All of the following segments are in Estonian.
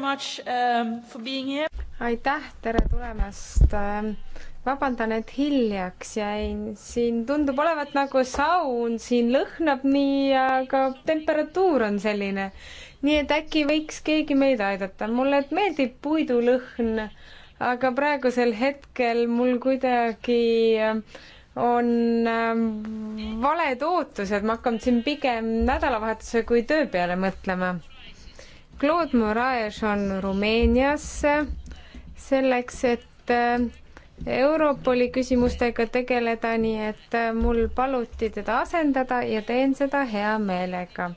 much um, for being here. aitäh, tere tulemast. Ähm, vabandan, et hiljaks jäin, siin tundub olevat nagu saun, siin lõhnab nii, aga temperatuur on selline. nii et äkki võiks keegi meid aidata, mulle meeldib puidulõhn, aga praegusel hetkel mul kuidagi ähm, on ähm, valed ootused, ma hakkan siin pigem nädalavahetuse kui töö peale mõtlema Claude Moraes on Rumeenias selleks, et äh, Europoli küsimustega tegeleda, nii et äh, mul paluti teda asendada ja teen seda hea meelega.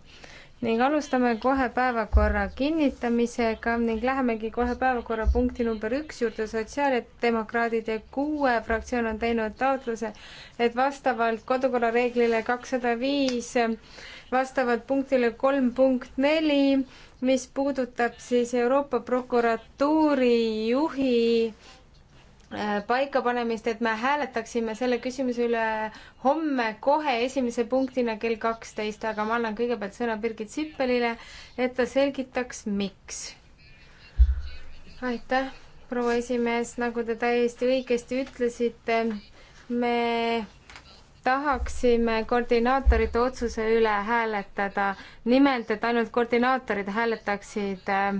ning alustame kohe päevakorra kinnitamisega ning lähemegi kohe päevakorrapunkti number üks juurde. sotsiaaldemokraadid ja kuue fraktsioon on teinud taotluse, et vastavalt kodukorra reeglile kakssada viis vastavalt punktile kolm punkt neli mis puudutab siis Euroopa prokuratuuri juhi äh, paikapanemist, et me hääletaksime selle küsimuse üle homme kohe esimese punktina kell kaksteist, aga ma annan kõigepealt sõna Birgit Sippelile, et ta selgitaks, miks. aitäh, proua esimees, nagu te täiesti õigesti ütlesite, me tahaksime koordinaatorite otsuse üle hääletada, nimelt et ainult koordinaatorid hääletaksid ähm,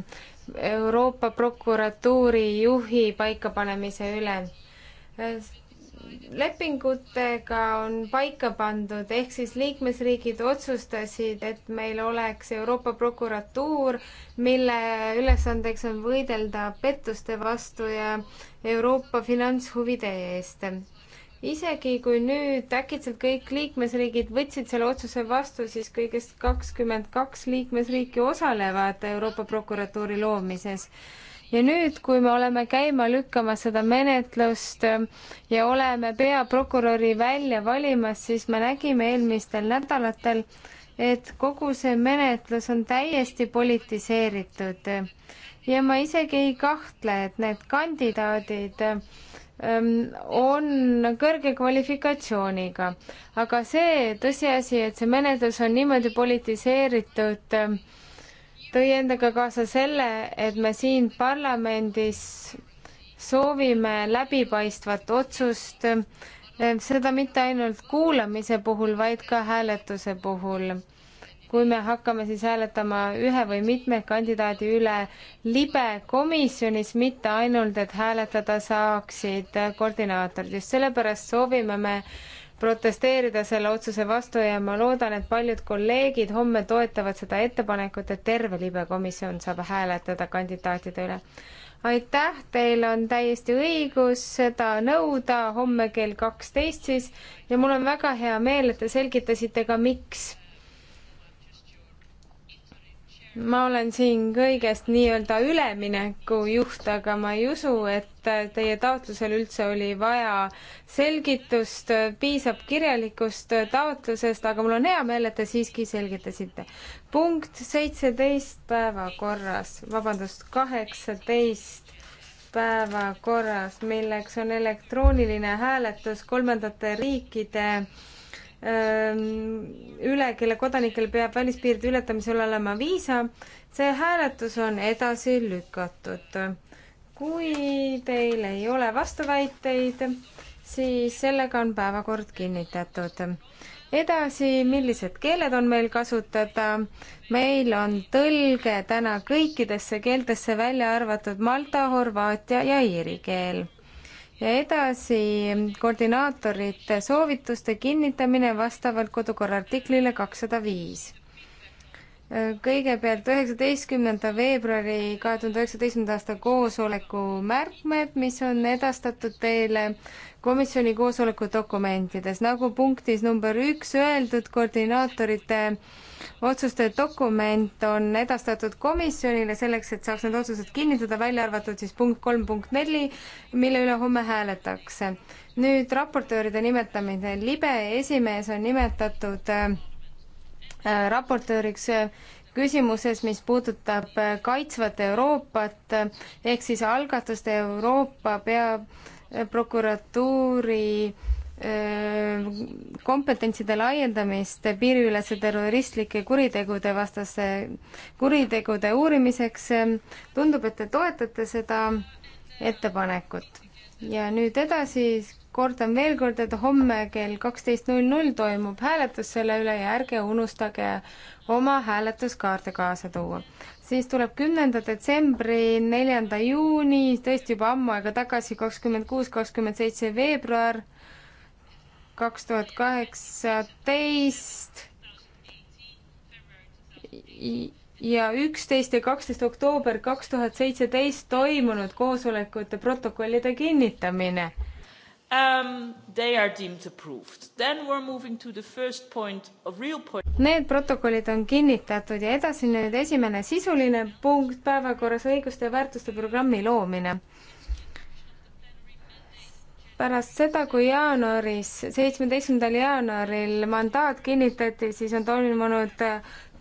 Euroopa prokuratuuri juhi paikapanemise üle. Äh, lepingutega on paika pandud, ehk siis liikmesriigid otsustasid, et meil oleks Euroopa prokuratuur, mille ülesandeks on võidelda pettuste vastu ja Euroopa finantshuvide eest isegi kui nüüd äkitselt kõik liikmesriigid võtsid selle otsuse vastu, siis kõigest kakskümmend kaks liikmesriiki osalevad Euroopa prokuratuuri loomises ja nüüd, kui me oleme käima lükkamas seda menetlust ja oleme peaprokuröri välja valimas, siis me nägime eelmistel nädalatel, et kogu see menetlus on täiesti politiseeritud. ja ma isegi ei kahtle, et need kandidaadid Ehm, on kõrge kvalifikatsiooniga. aga see tõsiasi, et see menetlus on niimoodi politiseeritud, ehm, tõi endaga kaasa selle, et me siin parlamendis soovime läbipaistvat otsust, ehm, seda mitte ainult kuulamise puhul, vaid ka hääletuse puhul kui me hakkame siis hääletama ühe või mitme kandidaadi üle libe komisjonis, mitte ainult, et hääletada saaksid koordinaatorid. just sellepärast soovime me protesteerida selle otsuse vastu ja ma loodan, et paljud kolleegid homme toetavad seda ettepanekut, et terve libe komisjon saab hääletada kandidaatide üle. aitäh, teil on täiesti õigus seda nõuda homme kell kaksteist siis ja mul on väga hea meel, et te selgitasite ka, miks ma olen siin kõigest nii-öelda ülemineku juht, aga ma ei usu, et teie taotlusel üldse oli vaja selgitust, piisab kirjalikust taotlusest, aga mul on hea meel, et te siiski selgitasite. punkt seitseteist päevakorras, vabandust, kaheksateist päevakorras, milleks on elektrooniline hääletus kolmandate riikide äh, Ehm, üle, kelle kodanikel peab välispiiride ületamisel olema viisa, see hääletus on edasi lükatud. kui teil ei ole vastuväiteid, siis sellega on päevakord kinnitatud. edasi, millised keeled on meil kasutada? meil on tõlge täna kõikidesse keeltesse välja arvatud malta, horvaatia ja iiri keel ja edasi koordinaatorite soovituste kinnitamine vastavalt kodukorra artiklile kakssada viis kõigepealt üheksateistkümnenda veebruari kahe tuhande üheksateistkümnenda aasta koosoleku märkmed, mis on edastatud teile komisjoni koosoleku dokumentides, nagu punktis number üks öeldud, koordinaatorite otsuste dokument on edastatud komisjonile selleks, et saaks need otsused kinnitada, välja arvatud siis punkt kolm, punkt neli, mille üle homme hääletakse. nüüd raportööride nimetamine, libe esimees on nimetatud äh, Äh, raportööriks äh, küsimuses, mis puudutab äh, kaitsvat Euroopat, ehk siis algatust Euroopa peaprokuratuuri kompetentside laiendamist piiriülese terroristlike kuritegude vastaste kuritegude uurimiseks. tundub, et te toetate seda ettepanekut ja nüüd edasi kordan veel kord, et homme kell kaksteist null null toimub hääletus selle üle ja ärge unustage oma hääletuskaarte kaasa tuua. siis tuleb kümnenda detsembri, neljanda juuni, tõesti juba ammu aega tagasi, kakskümmend kuus, kakskümmend seitse veebruar kaks tuhat kaheksateist ja üksteist ja kaksteist oktoober kaks tuhat seitseteist toimunud koosolekute protokollide kinnitamine Um, they are deemed approved. Then we're moving to the first point of real point. Need protokollid on kinnitatud ja edasi nüüd esimene sisuline punkt päevakorras õiguste ja väärtuste programmi loomine. pärast seda, kui jaanuaris, seitsmeteistkümnendal jaanuaril mandaat kinnitati, siis on toimunud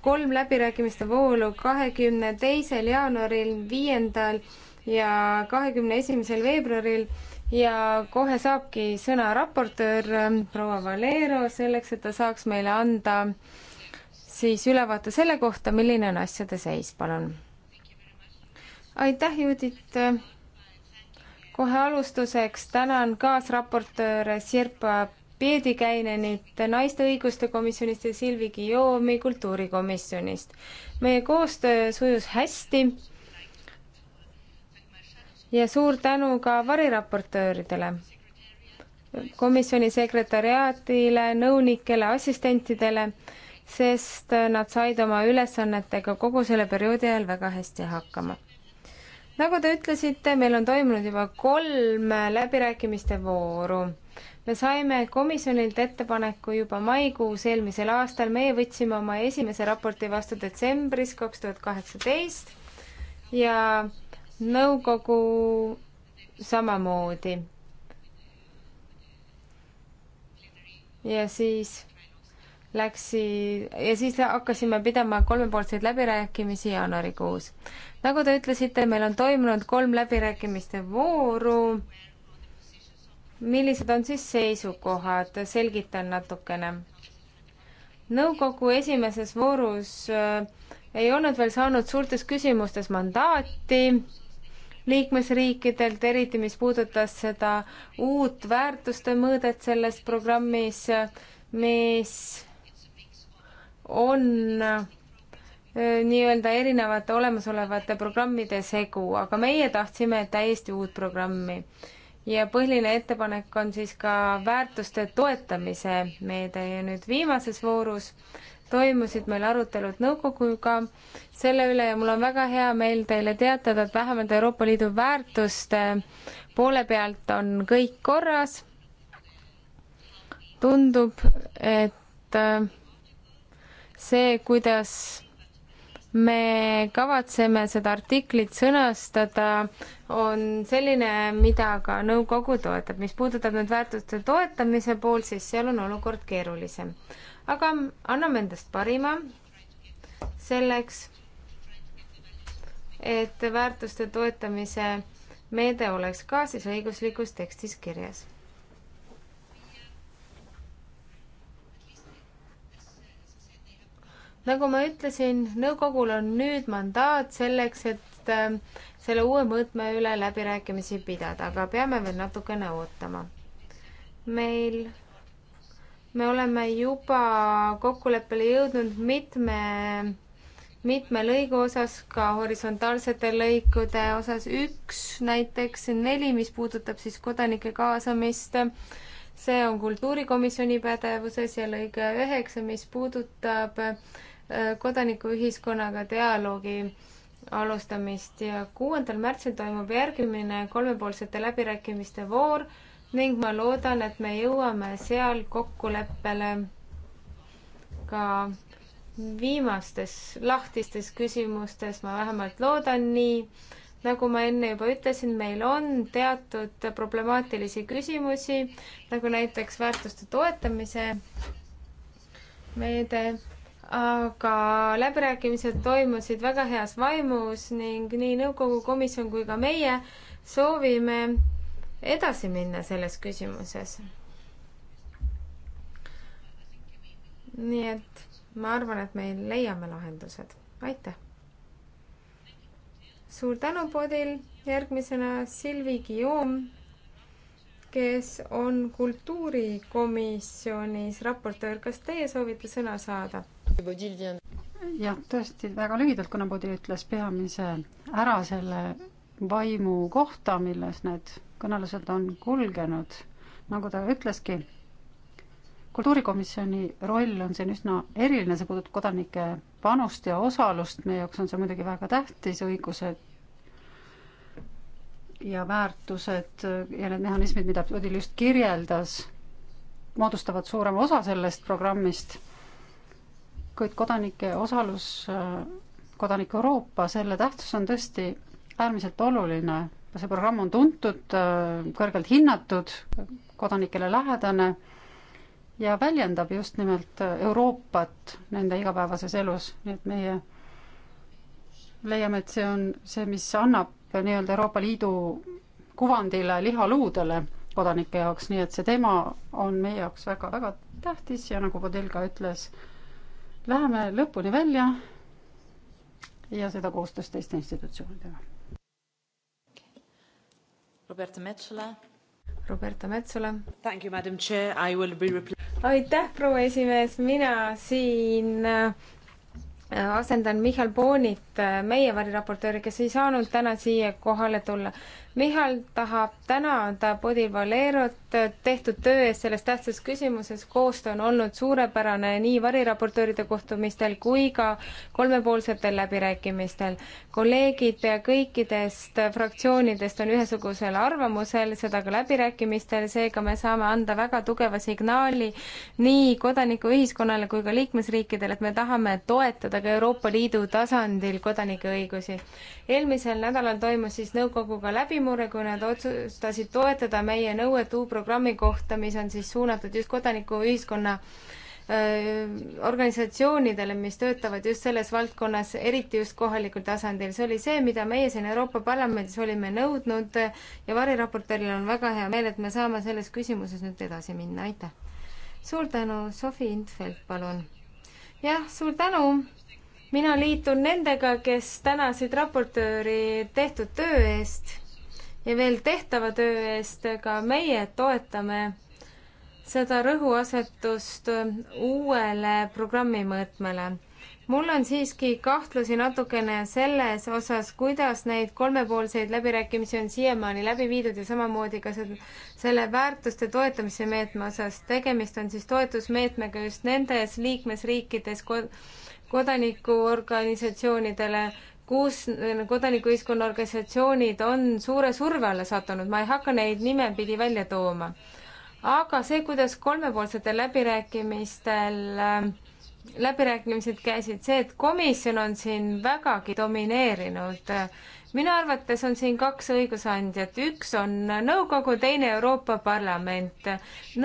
kolm läbirääkimiste voolu kahekümne teisel jaanuaril, viiendal ja kahekümne esimesel veebruaril ja kohe saabki sõna raportöör ähm, proua Valero selleks, et ta saaks meile anda siis ülevaate selle kohta, milline on asjade seis, palun. aitäh, Judit. kohe alustuseks tänan kaasraportööre Sirpa Peedikäinenit Naiste Õiguste Komisjonist ja Silvi Gijoomi Kultuurikomisjonist. meie koostöö sujus hästi ja suur tänu ka variraportööridele, komisjoni sekretäriaadile, nõunikele, assistentidele, sest nad said oma ülesannetega kogu selle perioodi ajal väga hästi hakkama. nagu te ütlesite, meil on toimunud juba kolm läbirääkimiste vooru me saime komisjonilt ettepaneku juba maikuus eelmisel aastal, meie võtsime oma esimese raporti vastu detsembris kaks tuhat kaheksateist ja nõukogu samamoodi. ja siis läksid ja siis hakkasime pidama kolmepoolseid läbirääkimisi jaanuarikuus. nagu te ütlesite, meil on toimunud kolm läbirääkimiste vooru. millised on siis seisukohad, selgitan natukene. nõukogu esimeses voorus äh, ei olnud veel saanud suurtes küsimustes mandaati liikmesriikidelt, eriti mis puudutas seda uut väärtuste mõõdet selles programmis, mis on äh, nii-öelda erinevate olemasolevate programmide segu, aga meie tahtsime täiesti uut programmi. ja põhiline ettepanek on siis ka väärtuste toetamise meede ja nüüd viimases voorus äh, toimusid meil arutelud nõukoguga selle üle ja mul on väga hea meel teile teatada, et vähemalt Euroopa Liidu väärtuste poole pealt on kõik korras. tundub, et äh, see, kuidas me kavatseme seda artiklit sõnastada, on selline, mida ka nõukogu toetab. mis puudutab nüüd väärtuste toetamise poolt, siis seal on olukord keerulisem aga anname endast parima selleks, et väärtuste toetamise meede oleks ka siis õiguslikus tekstis kirjas. nagu ma ütlesin, nõukogul on nüüd mandaat selleks, et ähm, selle uue mõõtme üle läbirääkimisi pidada, aga peame veel natukene ootama. meil me oleme juba kokkuleppele jõudnud mitme, mitme lõigu osas, ka horisontaalsete lõikude osas, üks näiteks, neli, mis puudutab siis kodanike kaasamist, see on kultuurikomisjoni pädevuses ja lõige üheksa, mis puudutab äh, kodanikuühiskonnaga dialoogi alustamist ja kuuendal märtsil toimub järgmine kolmepoolsete läbirääkimiste voor ning ma loodan, et me jõuame seal kokkuleppele ka viimastes lahtistes küsimustes, ma vähemalt loodan nii. nagu ma enne juba ütlesin, meil on teatud problemaatilisi küsimusi, nagu näiteks väärtuste toetamise meede, aga läbirääkimised toimusid väga heas vaimus ning nii nõukogu komisjon kui ka meie soovime edasi minna selles küsimuses. nii et ma arvan, et me leiame lahendused. aitäh! suur tänu, Bodil! järgmisena Silvi Guillaume, kes on kultuurikomisjonis raportöör. kas teie soovite sõna saada? jah, tõesti väga lühidalt, kuna Bodil ütles peamise ära selle vaimu kohta, milles need kõnelused on kulgenud. nagu ta ütleski, kultuurikomisjoni roll on siin üsna eriline, see puudutab kodanike panust ja osalust, meie jaoks on see muidugi väga tähtis, õigused ja väärtused ja need mehhanismid, mida Odil just kirjeldas, moodustavad suurema osa sellest programmist, kuid kodanike osalus, kodanik Euroopa, selle tähtsus on tõesti äärmiselt oluline see programm on tuntud, kõrgelt hinnatud, kodanikele lähedane ja väljendab just nimelt Euroopat nende igapäevases elus, nii et meie leiame, et see on see, mis annab nii-öelda Euroopa Liidu kuvandile lihaluudele kodanike jaoks, nii et see teema on meie jaoks väga-väga tähtis ja nagu Bodil ka ütles, läheme lõpuni välja ja seda koostöös teiste institutsioonidega Roberta Metsola. Roberta Metsola. Thank you, madam chair, I will be repl-. aitäh, proua esimees, mina siin äh, asendan Michal Boonit, äh, meie variraportööri, kes ei saanud täna siia kohale tulla. Mihhail tahab tänada Bodi Valerot tehtud töö eest selles tähtsas küsimuses. koostöö on olnud suurepärane nii variraportööride kohtumistel kui ka kolmepoolsetel läbirääkimistel. kolleegid kõikidest fraktsioonidest on ühesugusel arvamusel, seda ka läbirääkimistel, seega me saame anda väga tugeva signaali nii kodanikuühiskonnale kui ka liikmesriikidele, et me tahame toetada ka Euroopa Liidu tasandil kodanike õigusi. eelmisel nädalal toimus siis nõukoguga läbi veendimure, kui nad otsustasid toetada meie nõuet U-programmi kohta, mis on siis suunatud just kodanikuühiskonna organisatsioonidele, mis töötavad just selles valdkonnas, eriti just kohalikul tasandil. see oli see, mida meie siin Euroopa Parlamendis olime nõudnud ja variraportööril on väga hea meel, et me saame selles küsimuses nüüd edasi minna, aitäh! suur tänu, Sofi Intfeld, palun! jah, suur tänu! mina liitun nendega, kes tänasid raportööri tehtud töö eest ja veel tehtava töö eest, ka meie toetame seda rõhuasetust uuele programmi mõõtmele. mul on siiski kahtlusi natukene selles osas, kuidas neid kolmepoolseid läbirääkimisi on siiamaani läbi viidud ja samamoodi ka selle väärtuste toetamise meetme osas. tegemist on siis toetusmeetmega just nendes liikmesriikides kod-, kodanikuorganisatsioonidele, kus kodanikuühiskonna organisatsioonid on suure surve alla sattunud, ma ei hakka neid nimepidi välja tooma. aga see, kuidas kolmepoolsetel läbirääkimistel äh, läbirääkimised käisid, see, et komisjon on siin vägagi domineerinud. minu arvates on siin kaks õigusandjat, üks on nõukogu, teine Euroopa Parlament.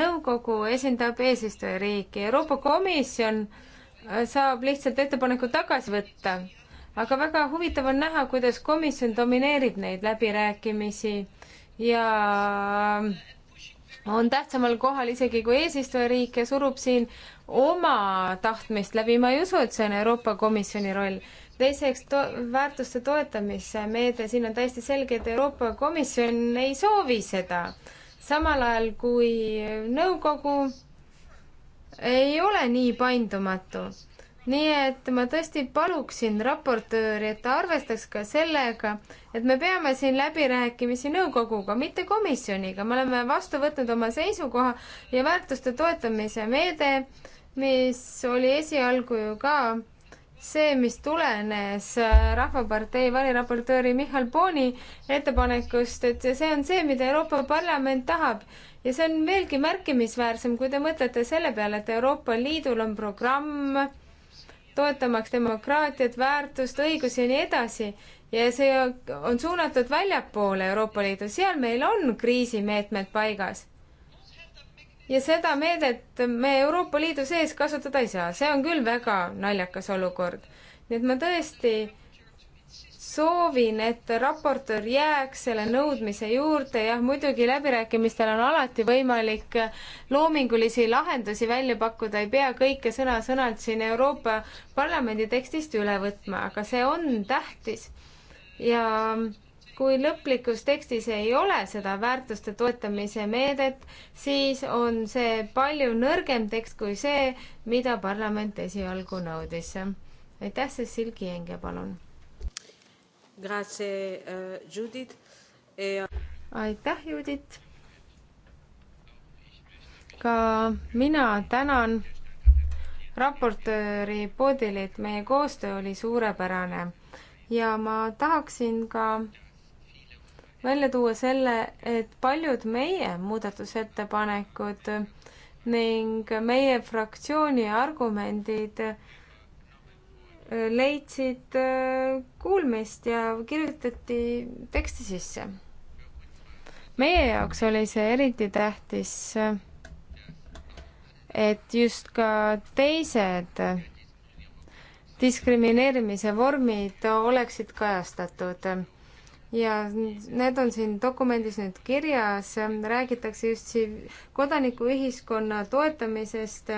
nõukogu esindab eesistujariiki, Euroopa Komisjon äh, saab lihtsalt ettepaneku tagasi võtta aga väga huvitav on näha, kuidas komisjon domineerib neid läbirääkimisi ja on tähtsamal kohal isegi kui eesistujariik ja surub siin oma tahtmist läbi, ma ei usu, et see on Euroopa Komisjoni roll. teiseks to-, väärtuste toetamise meede, siin on täiesti selge, et Euroopa Komisjon ei soovi seda. samal ajal kui nõukogu ei ole nii paindumatu nii et ma tõesti paluksin raportööri, et ta arvestaks ka sellega, et me peame siin läbirääkimisi nõukoguga, mitte komisjoniga, me oleme vastu võtnud oma seisukoha ja väärtuste toetamise meede, mis oli esialgu ju ka see, mis tulenes Rahvapartei variraportööri Michal Boni ettepanekust, et see on see, mida Euroopa Parlament tahab. ja see on veelgi märkimisväärsem, kui te mõtlete selle peale, et Euroopa Liidul on programm, toetamaks demokraatiat, väärtust, õigusi ja nii edasi. ja see on suunatud väljapoole Euroopa Liidu, seal meil on kriisimeetmed paigas. ja seda meedet me Euroopa Liidu sees kasutada ei saa, see on küll väga naljakas olukord. nii et ma tõesti soovin, et raportöör jääks selle nõudmise juurde, jah, muidugi läbirääkimistel on alati võimalik loomingulisi lahendusi välja pakkuda, ei pea kõike sõna-sõnalt siin Euroopa Parlamendi tekstist üle võtma, aga see on tähtis. ja kui lõplikus tekstis ei ole seda väärtuste toetamise meedet, siis on see palju nõrgem tekst kui see, mida parlament esialgu nõudis. aitäh, Cecil Kienge, palun Grazie, eh, Judith e.... Eh, aitäh, Judith. ka mina tänan raportööri Podilit, meie koostöö oli suurepärane ja ma tahaksin ka välja tuua selle, et paljud meie muudatusettepanekud ning meie fraktsiooni argumendid äh, leidsid äh, kuulmist ja kirjutati teksti sisse. meie jaoks oli see eriti tähtis, et just ka teised diskrimineerimise vormid oleksid kajastatud ja need on siin dokumendis nüüd kirjas, räägitakse just siin kodanikuühiskonna toetamisest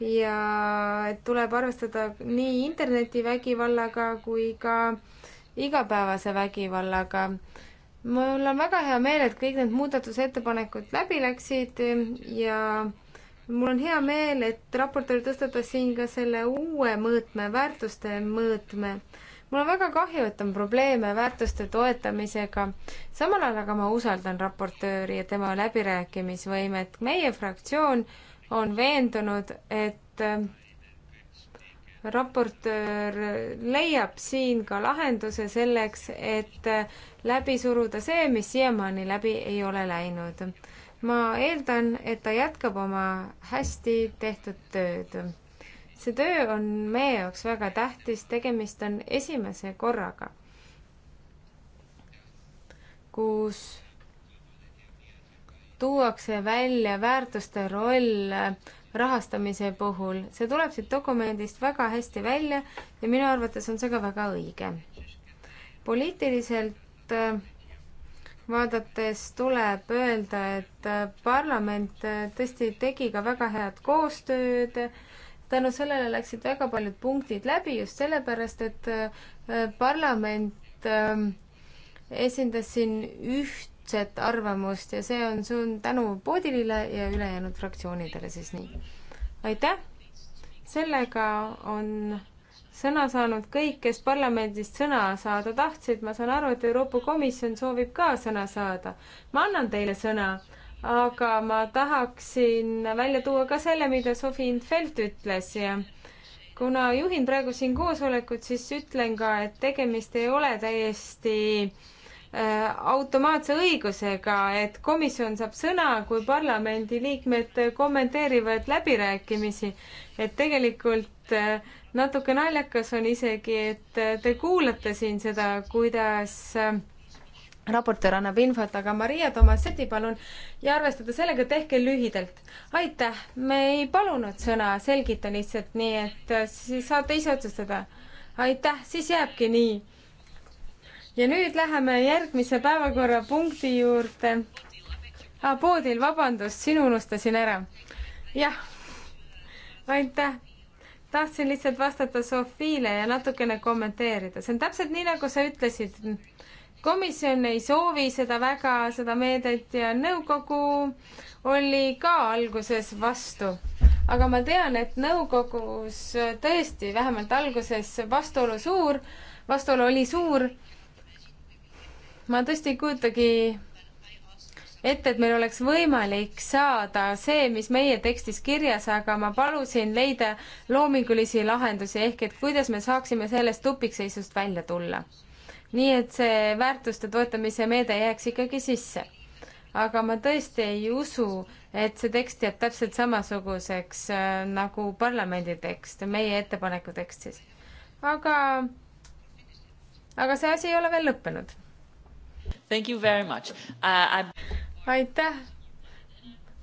ja tuleb arvestada nii internetivägivallaga kui ka igapäevase vägivallaga. mul on väga hea meel, et kõik need muudatusettepanekud läbi läksid ja mul on hea meel, et raportöör tõstatas siin ka selle uue mõõtme, väärtuste mõõtme. mul on väga kahju, et on probleeme väärtuste toetamisega, samal ajal aga ma usaldan raportööri ja tema läbirääkimisvõimet. meie fraktsioon äh, on veendunud, et äh, raportöör leiab siin ka lahenduse selleks, et äh, läbi suruda see, mis siiamaani läbi ei ole läinud. ma eeldan, et ta jätkab oma hästi tehtud tööd. see töö on meie jaoks väga tähtis, tegemist on esimese korraga, kus tuuakse välja väärtuste roll rahastamise puhul. see tuleb siit dokumendist väga hästi välja ja minu arvates on see ka väga õige. poliitiliselt äh, vaadates tuleb öelda, et äh, parlament äh, tõesti tegi ka väga head koostööd. tänu sellele läksid väga paljud punktid läbi just sellepärast, et parlament esindas siin üht ühtset arvamust ja see on suur tänu Poodilile ja ülejäänud fraktsioonidele siis nii. aitäh! sellega on sõna saanud kõik, kes parlamendist sõna saada tahtsid. ma saan aru, et Euroopa Komisjon soovib ka sõna saada. ma annan teile sõna, aga ma tahaksin välja tuua ka selle, mida Sofi Infeld ütles ja kuna juhin praegu siin koosolekut, siis ütlen ka, et tegemist ei ole täiesti äh, Äh, automaatse õigusega, et komisjon saab sõna, kui parlamendi liikmed kommenteerivad läbirääkimisi. et tegelikult äh, natuke naljakas on isegi, et äh, te kuulate siin seda, kuidas raportöör annab infot, aga Maria Tomasetti palun ja arvestada sellega, tehke lühidalt. aitäh, me ei palunud sõna, selgitan lihtsalt nii, et siis saate ise otsustada. aitäh, siis jääbki nii ja nüüd läheme järgmise päevakorrapunkti juurde ah,. poodil, vabandust, sinu unustasin ära. jah, aitäh. tahtsin lihtsalt vastata Sofiile ja natukene kommenteerida, see on täpselt nii, nagu sa ütlesid. komisjon ei soovi seda väga, seda meedet ja nõukogu oli ka alguses vastu aga ma tean, et nõukogus tõesti vähemalt alguses vastuolu suur, vastuolu oli suur ma tõesti ei kujutagi ette, et meil oleks võimalik saada see, mis meie tekstis kirjas, aga ma palusin leida loomingulisi lahendusi, ehk et kuidas me saaksime sellest tupikseisust välja tulla. nii et see väärtuste toetamise meede jääks ikkagi sisse. aga ma tõesti ei usu, et see tekst jääb täpselt samasuguseks äh, nagu parlamendi tekst, meie ettepaneku tekst siis. aga, aga see asi ei ole veel lõppenud Thank you very much uh,. aitäh.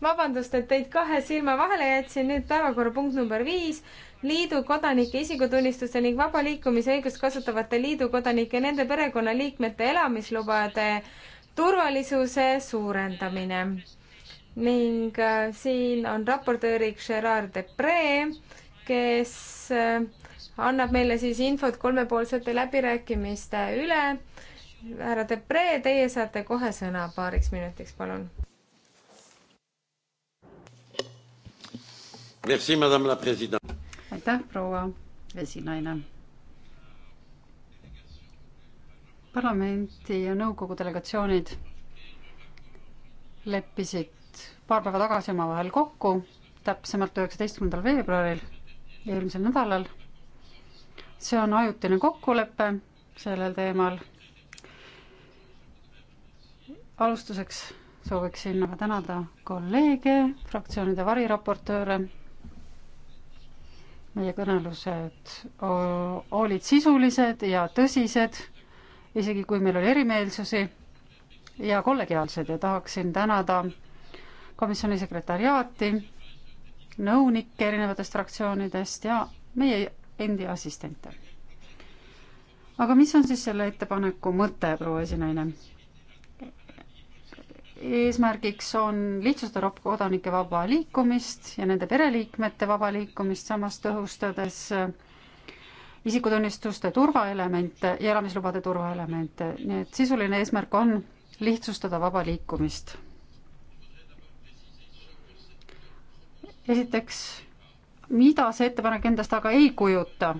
vabandust, et teid kahe silma vahele jätsin, nüüd päevakorrapunkt number viis liidu kodanike isikutunnistuste ning vaba liikumisõigust kasutavate liidu kodanike ja nende perekonnaliikmete elamislubade turvalisuse suurendamine. ning äh, siin on raportööriks Gerard Depre, kes äh, annab meile siis infot kolmepoolsete läbirääkimiste üle härra Debre, teie saate kohe sõna paariks minutiks, palun. aitäh, proua esinaine. parlamenti ja nõukogu delegatsioonid leppisid paar päeva tagasi omavahel kokku, täpsemalt üheksateistkümnendal veebruaril eelmisel nädalal. see on ajutine kokkulepe sellel teemal alustuseks sooviksin aga tänada kolleege, fraktsioonide variraportööre. meie kõnelused olid sisulised ja tõsised, isegi kui meil oli erimeelsusi ja kollegiaalsed ja tahaksin tänada komisjoni sekretariaati, nõunikke erinevatest fraktsioonidest ja meie endi assistente. aga mis on siis selle ettepaneku mõte, proua esinaine? eesmärgiks on lihtsustada Euroopa kodanike vaba liikumist ja nende pereliikmete vaba liikumist, samas tõhustades äh, isikutunnistuste turvaelemente ja elamislubade turvaelemente, nii et sisuline eesmärk on lihtsustada vaba liikumist. esiteks, mida see ettepanek endast aga ei kujuta?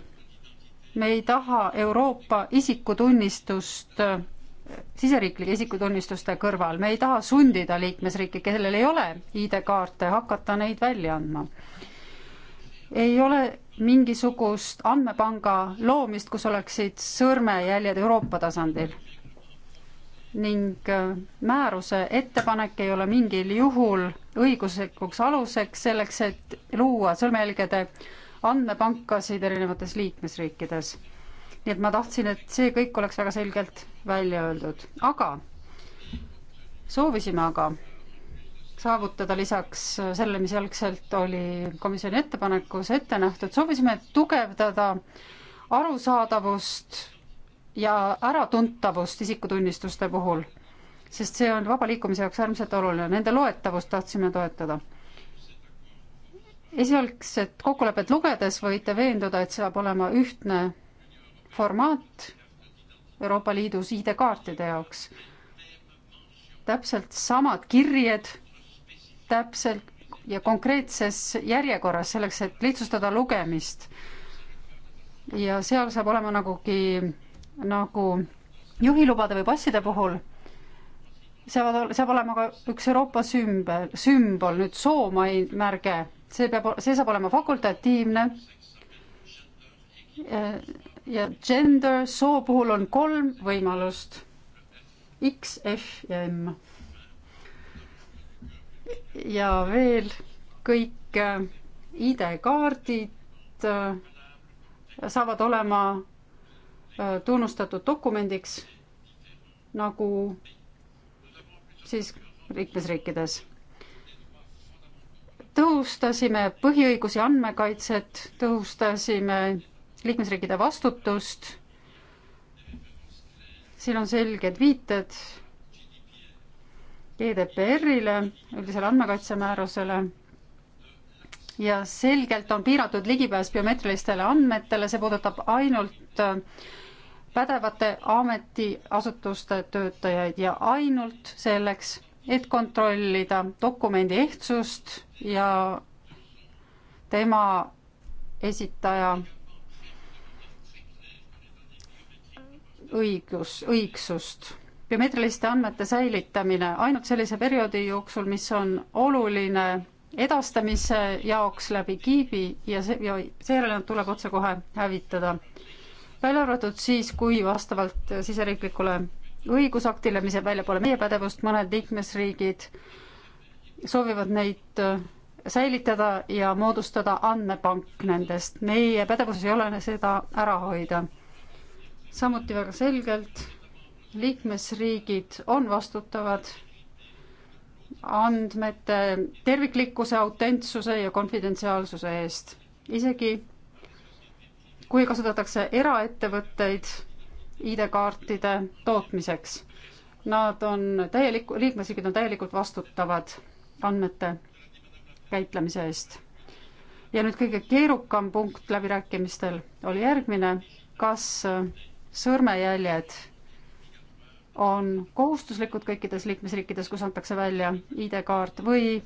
me ei taha Euroopa isikutunnistust äh, siseriiklike isikutunnistuste kõrval, me ei taha sundida liikmesriike, kellel ei ole ID-kaarte, hakata neid välja andma. ei ole mingisugust andmepanga loomist, kus oleksid sõrmejäljed Euroopa tasandil. ning äh, määruse ettepanek ei ole mingil juhul õiguslikuks aluseks selleks, et luua sõrmejälgede andmepankasid erinevates liikmesriikides nii et ma tahtsin, et see kõik oleks väga selgelt välja öeldud, aga soovisime aga saavutada lisaks sellele, mis algselt oli komisjoni ettepanekus ette nähtud, soovisime tugevdada arusaadavust ja äratuntavust isikutunnistuste puhul, sest see on vaba liikumise jaoks äärmiselt oluline, nende loetavust tahtsime toetada. esialgset kokkulepet lugedes võite veenduda, et see saab olema ühtne formaat Euroopa Liidus ID-kaartide jaoks. täpselt samad kirjed, täpselt ja konkreetses järjekorras, selleks et lihtsustada lugemist. ja seal saab olema nagugi, nagu juhilubade või passide puhul, saavad, saab olema ka üks Euroopa sümbel, sümbol, nüüd soomai märge, see peab, see saab olema fakultatiivne ja gender, soo puhul on kolm võimalust. X, F ja M. ja veel kõik äh, ID-kaardid äh, saavad olema äh, tunnustatud dokumendiks nagu siis liikmesriikides. tõhustasime põhiõigusi andmekaitset, tõhustasime liikmesriikide vastutust. siin on selged viited GDPR-ile, üldisele andmekaitsemäärusele ja selgelt on piiratud ligipääs biomeetrilistele andmetele, see puudutab ainult äh, pädevate ametiasutuste töötajaid ja ainult selleks, et kontrollida dokumendi ehtsust ja tema esitaja õigus, õigsust. biomeetriliste andmete säilitamine ainult sellise perioodi jooksul, mis on oluline edastamise jaoks läbi kiibi ja see, ja seejärel nad tuleb otsekohe hävitada. välja arvatud siis, kui vastavalt siseriiklikule õigusaktile, mis jääb väljapoole meie pädevust, mõned liikmesriigid soovivad neid äh, säilitada ja moodustada andmepank nendest. meie pädevuses ei ole seda ära hoida samuti väga selgelt, liikmesriigid on vastutavad andmete terviklikkuse, autentsuse ja konfidentsiaalsuse eest. isegi kui kasutatakse eraettevõtteid ID-kaartide tootmiseks, nad on täielik, liikmesriigid on täielikult vastutavad andmete käitlemise eest. ja nüüd kõige keerukam punkt läbirääkimistel oli järgmine, kas sõrmejäljed on kohustuslikud kõikides liikmesriikides, kus antakse välja ID-kaart või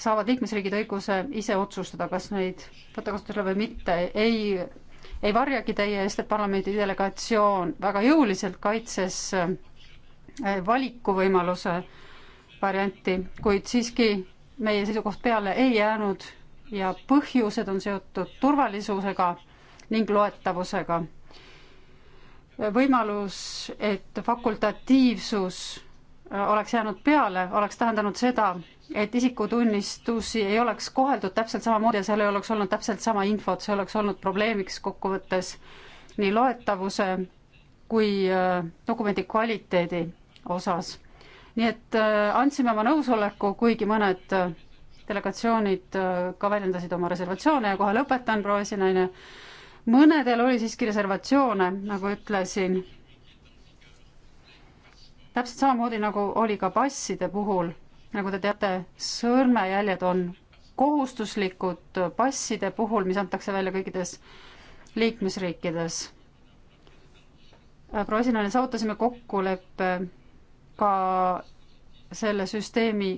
saavad liikmesriigid õiguse ise otsustada, kas neid võtta kasutusele või mitte. ei, ei varjagi teie eest, et parlamendi delegatsioon väga jõuliselt kaitses äh, valikuvõimaluse varianti, kuid siiski meie seisukoht peale ei jäänud ja põhjused on seotud turvalisusega ning loetavusega. võimalus, et fakultatiivsus oleks jäänud peale, oleks tähendanud seda, et isikutunnistusi ei oleks koheldud täpselt samamoodi ja seal ei oleks olnud täpselt sama infot, see oleks olnud probleemiks kokkuvõttes nii loetavuse kui äh, dokumendi kvaliteedi osas. nii et äh, andsime oma nõusoleku, kuigi mõned äh, delegatsioonid ka väljendasid oma reservatsioone ja kohe lõpetan, proua esinaine, mõnedel oli siiski reservatsioone, nagu ütlesin. täpselt samamoodi nagu oli ka passide puhul, nagu te teate, sõrmejäljed on kohustuslikud passide puhul, mis antakse välja kõikides liikmesriikides. Äh, proua esinaine, saavutasime kokkuleppe ka selle süsteemi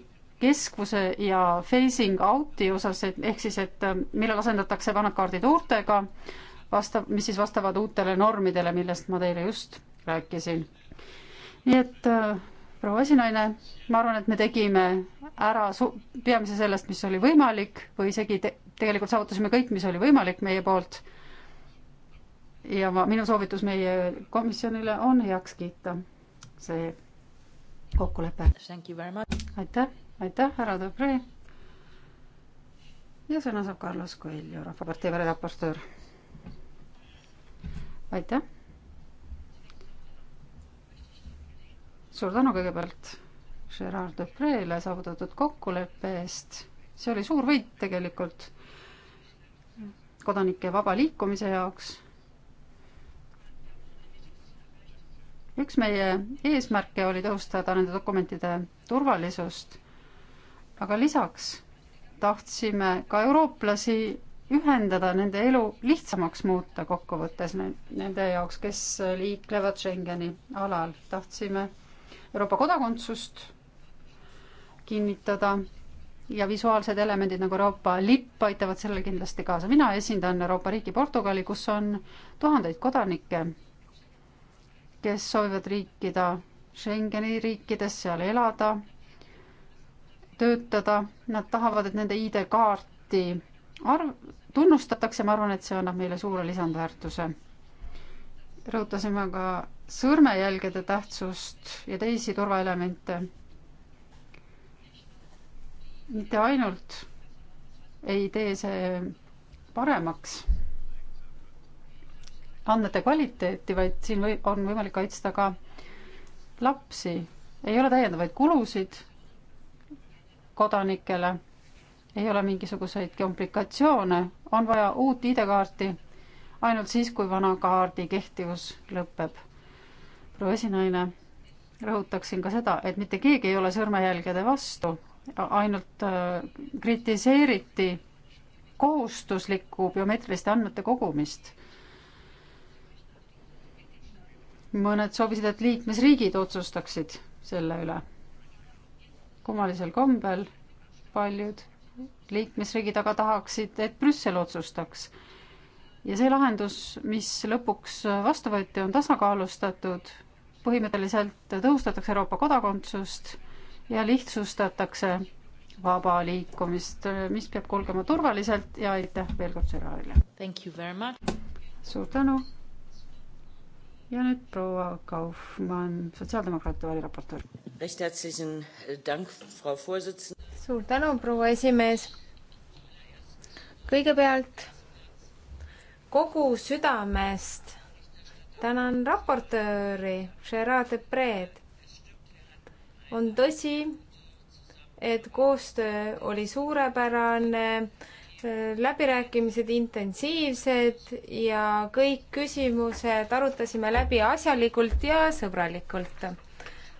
keskuse ja phasing out'i osas, et ehk siis, et äh, millal asendatakse vanad kaardid uurtega vastav, mis siis vastavad uutele normidele, millest ma teile just rääkisin. nii et äh, proua esinaine, ma arvan, et me tegime ära su-, peamise sellest, mis oli võimalik või isegi te-, tegelikult saavutasime kõik, mis oli võimalik meie poolt. ja ma, minu soovitus meie komisjonile on heaks kiita see kokkulepe. aitäh, aitäh, härra Dobre. ja sõna saab Carlos Coelho, Rahvapartei vareraportöör aitäh. suur tänu kõigepealt Gerard Dupreele saavutatud kokkuleppe eest. see oli suur võit tegelikult kodanike vaba liikumise jaoks. üks meie eesmärke oli tõhustada nende dokumentide turvalisust, aga lisaks tahtsime ka eurooplasi ühendada, nende elu lihtsamaks muuta kokkuvõttes nende jaoks, kes liiklevad Schengeni alal. tahtsime Euroopa kodakondsust kinnitada ja visuaalsed elemendid nagu Euroopa lipp aitavad sellele kindlasti kaasa. mina esindan Euroopa riiki Portugali, kus on tuhandeid kodanikke, kes soovivad riikida Schengeni riikides, seal elada, töötada, nad tahavad, et nende ID-kaarti arv, tunnustatakse, ma arvan, et see annab meile suure lisandväärtuse. rõhutasime ka sõrmejälgede tähtsust ja teisi turvaelemente. mitte ainult ei tee see paremaks andmete kvaliteeti, vaid siin või, on võimalik kaitsta ka lapsi. ei ole täiendavaid kulusid kodanikele ei ole mingisuguseid komplikatsioone, on vaja uut ID-kaarti ainult siis, kui vana kaardi kehtivus lõpeb. proua esinaine, rõhutaksin ka seda, et mitte keegi ei ole sõrmejälgede vastu, ainult äh, kritiseeriti kohustuslikku biomeetriliste andmete kogumist. mõned soovisid, et liikmesriigid otsustaksid selle üle. kummalisel kombel paljud liikmesriigid aga tahaksid, et Brüssel otsustaks. ja see lahendus, mis lõpuks vastu võeti, on tasakaalustatud, põhimõtteliselt tõhustatakse Euroopa kodakondsust ja lihtsustatakse vaba liikumist, mis peab kulgema turvaliselt ja aitäh veel kord Sõralile. suur tänu. ja nüüd proua Kaufmann, sotsiaaldemokraatide variraportöör suur tänu, proua esimees. kõigepealt kogu südamest tänan raportööri Gerard Depreed. on tõsi, et koostöö oli suurepärane, läbirääkimised intensiivsed ja kõik küsimused arutasime läbi asjalikult ja sõbralikult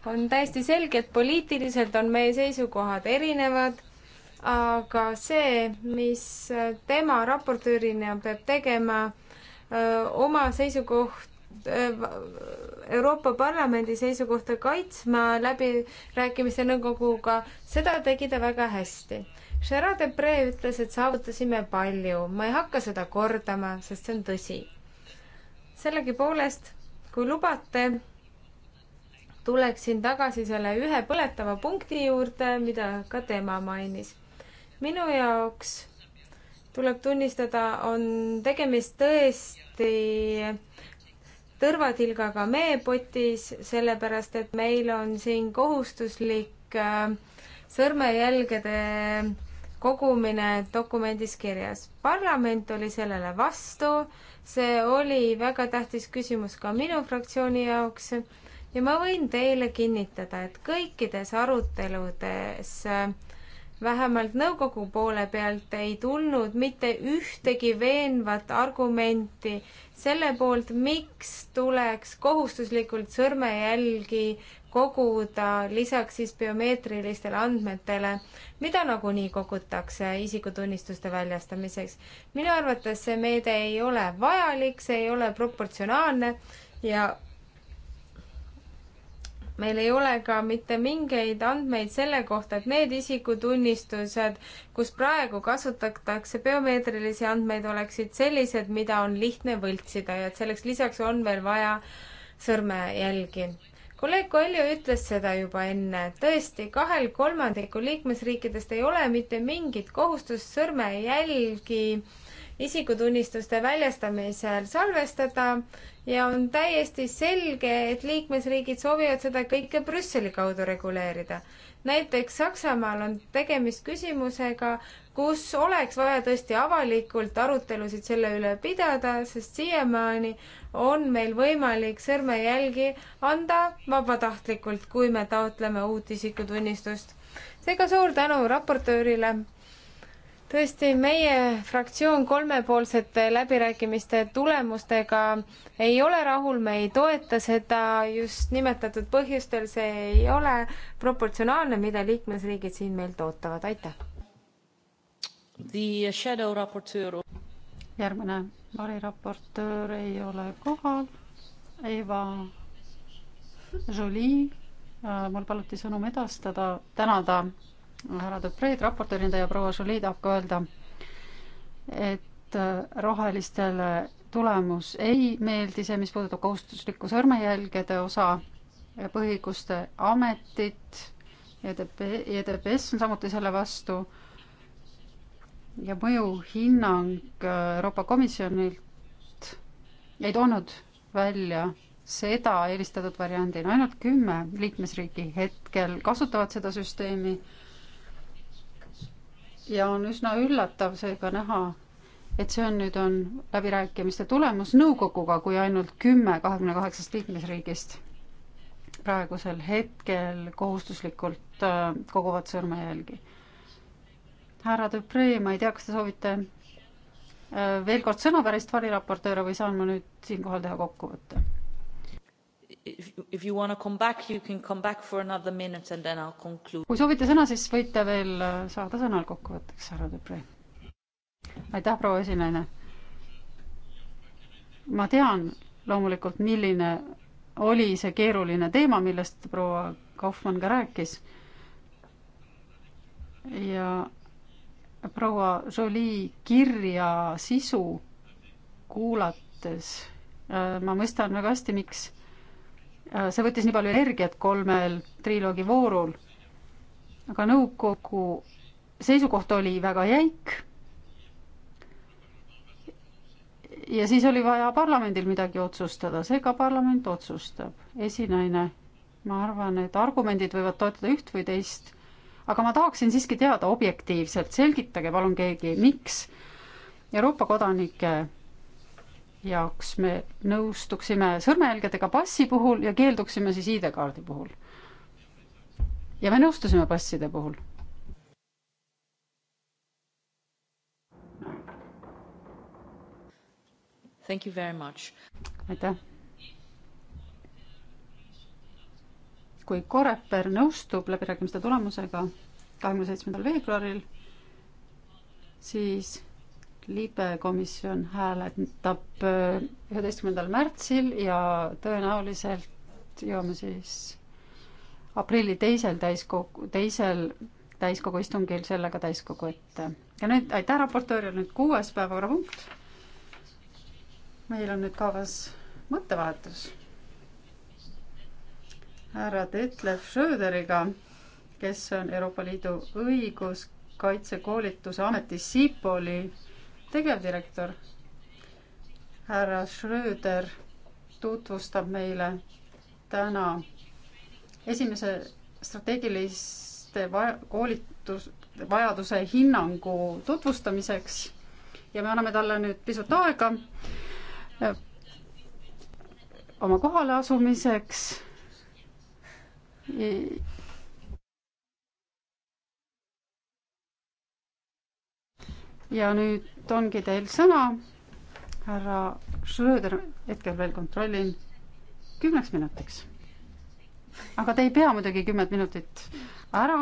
on täiesti selge, et poliitiliselt on meie seisukohad erinevad, aga see, mis tema raportöörina peab tegema, oma seisukoht Euroopa Parlamendi seisukohta kaitsma läbirääkimiste nõukoguga, seda tegi ta väga hästi. Gerard Depre ütles, et saavutasime palju, ma ei hakka seda kordama, sest see on tõsi. sellegipoolest, kui lubate, tuleksin tagasi selle ühe põletava punkti juurde, mida ka tema mainis. minu jaoks tuleb tunnistada, on tegemist tõesti tõrvatilgaga meepotis, sellepärast et meil on siin kohustuslik äh, sõrmejälgede kogumine dokumendis kirjas. parlament oli sellele vastu, see oli väga tähtis küsimus ka minu fraktsiooni jaoks ja ma võin teile kinnitada, et kõikides aruteludes äh, vähemalt nõukogu poole pealt ei tulnud mitte ühtegi veenvat argumenti selle poolt, miks tuleks kohustuslikult sõrmejälgi koguda lisaks siis biomeetrilistele andmetele, mida nagunii kogutakse isikutunnistuste väljastamiseks. minu arvates see meede ei ole vajalik, see ei ole proportsionaalne ja meil ei ole ka mitte mingeid andmeid selle kohta, et need isikutunnistused, kus praegu kasutatakse biomeetrilisi andmeid, oleksid sellised, mida on lihtne võltsida ja et selleks lisaks on veel vaja sõrmejälgi. kolleeg Kolju ütles seda juba enne, tõesti, kahel kolmandikul liikmesriikidest ei ole mitte mingit kohustust sõrmejälgi äh, isikutunnistuste väljastamisel salvestada ja on täiesti selge, et liikmesriigid soovivad seda kõike Brüsseli kaudu reguleerida. näiteks Saksamaal on tegemist küsimusega, kus oleks vaja tõesti avalikult arutelusid selle üle pidada, sest siiamaani on meil võimalik sõrmejälgi anda vabatahtlikult, kui me taotleme uut isikutunnistust. seega suur tänu raportöörile tõesti, meie fraktsioon kolmepoolsete läbirääkimiste tulemustega ei ole rahul, me ei toeta seda just nimetatud põhjustel, see ei ole proportsionaalne, mida liikmesriigid siin meilt ootavad, aitäh. järgmine variraportöör ei ole kohal. Eva Jolie, äh, mul paluti sõnum edastada, tänada härra Dupreed raportöörina ja proua Jolie tahab ka öelda, et äh, rohelistele tulemus ei meeldi, see, mis puudutab kohustuslikku sõrmejälgede osa, põhiõiguste ametit, EDP, EDPS on samuti selle vastu ja mõjuhinnang äh, Euroopa Komisjonilt ei toonud välja seda eelistatud variandina, ainult kümme liikmesriiki hetkel kasutavad seda süsteemi ja on üsna üllatav seega näha, et see on nüüd, on läbirääkimiste tulemus nõukoguga, kui ainult kümme kahekümne kaheksast liikmesriigist praegusel hetkel kohustuslikult äh, koguvad sõrmejälgi. härra Dupree, ma ei tea, kas te soovite äh, veel kord sõna pärast variraportööre või saan ma nüüd siinkohal teha kokkuvõtte? if you wanna come back, you can come back for another minute and then I will conclude. kui soovite sõna, siis võite veel äh, saada sõnal kokkuvõtteks, härra Dupree. aitäh, proua esinaine. ma tean loomulikult, milline oli see keeruline teema, millest proua Kaufmann ka rääkis. ja proua Jolie kirja sisu kuulates äh, ma mõistan väga hästi, miks Äh, see võttis nii palju energiat kolmel triloogi voorul. aga nõukogu seisukoht oli väga jäik. ja siis oli vaja parlamendil midagi otsustada, seega parlament otsustab. esinaine, ma arvan, et argumendid võivad toetada üht või teist, aga ma tahaksin siiski teada objektiivselt, selgitage palun keegi, miks Euroopa kodanike jaoks me nõustuksime sõrmejälgedega passi puhul ja keelduksime siis ID-kaardi puhul. ja me nõustusime passide puhul Thank you very much. aitäh. kui Coreper nõustub läbirääkimiste tulemusega kahekümne seitsmendal veebruaril, siis libekomisjon hääletab äh, üheteistkümnendal märtsil ja tõenäoliselt jõuame siis aprilli teisel täiskogu, teisel täiskogu istungil sellega täiskogu ette. ja nüüd aitäh raportöörile, nüüd kuues päevakorrapunkt. meil on nüüd kavas mõttevahetus härra Detlev Schröderiga, kes on Euroopa Liidu õiguskaitsekoolituse ametis Siipoli tegevdirektor härra Schröder tutvustab meile täna esimese strateegiliste vaja, koolitus, vajaduse hinnangu tutvustamiseks ja me anname talle nüüd pisut aega äh, oma kohale asumiseks ja nüüd ongi teil sõna, härra Schröder, hetkel veel kontrollin, kümneks minutiks. aga te ei pea muidugi kümmet minutit ära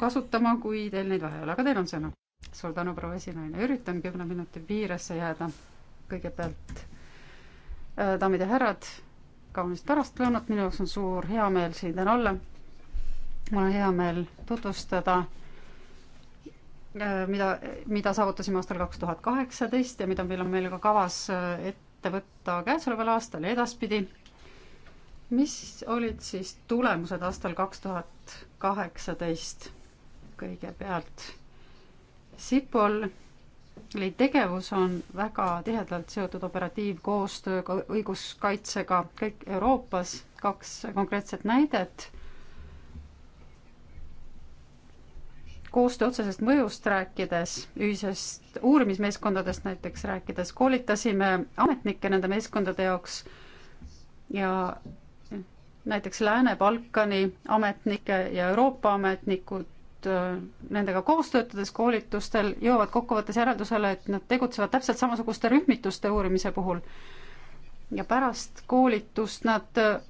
kasutama, kui teil neid vaja ei ole, aga teil on sõna. suur tänu, proua esinaine, üritan kümne minuti piiresse jääda. kõigepealt äh, daamid ja härrad, kaunist pärastlõunat, minu jaoks on suur heameel siin täna olla. mul on hea meel tutvustada Äh, mida, mida saavutasime aastal kaks tuhat kaheksateist ja mida meil on meil ka kavas äh, ette võtta käesoleval aastal ja edaspidi. mis olid siis tulemused aastal kaks tuhat kaheksateist kõigepealt? Sipol Li tegevus on väga tihedalt seotud operatiivkoostööga, õiguskaitsega kõik Euroopas, kaks konkreetset näidet koostöö otsesest mõjust rääkides, ühisest uurimismeeskondadest näiteks rääkides, koolitasime ametnikke nende meeskondade jaoks ja näiteks Lääne-Balkani ametnikke ja Euroopa ametnikud äh, nendega koos töötades koolitustel jõuavad kokkuvõttes järeldusele, et nad tegutsevad täpselt samasuguste rühmituste uurimise puhul. ja pärast koolitust nad äh,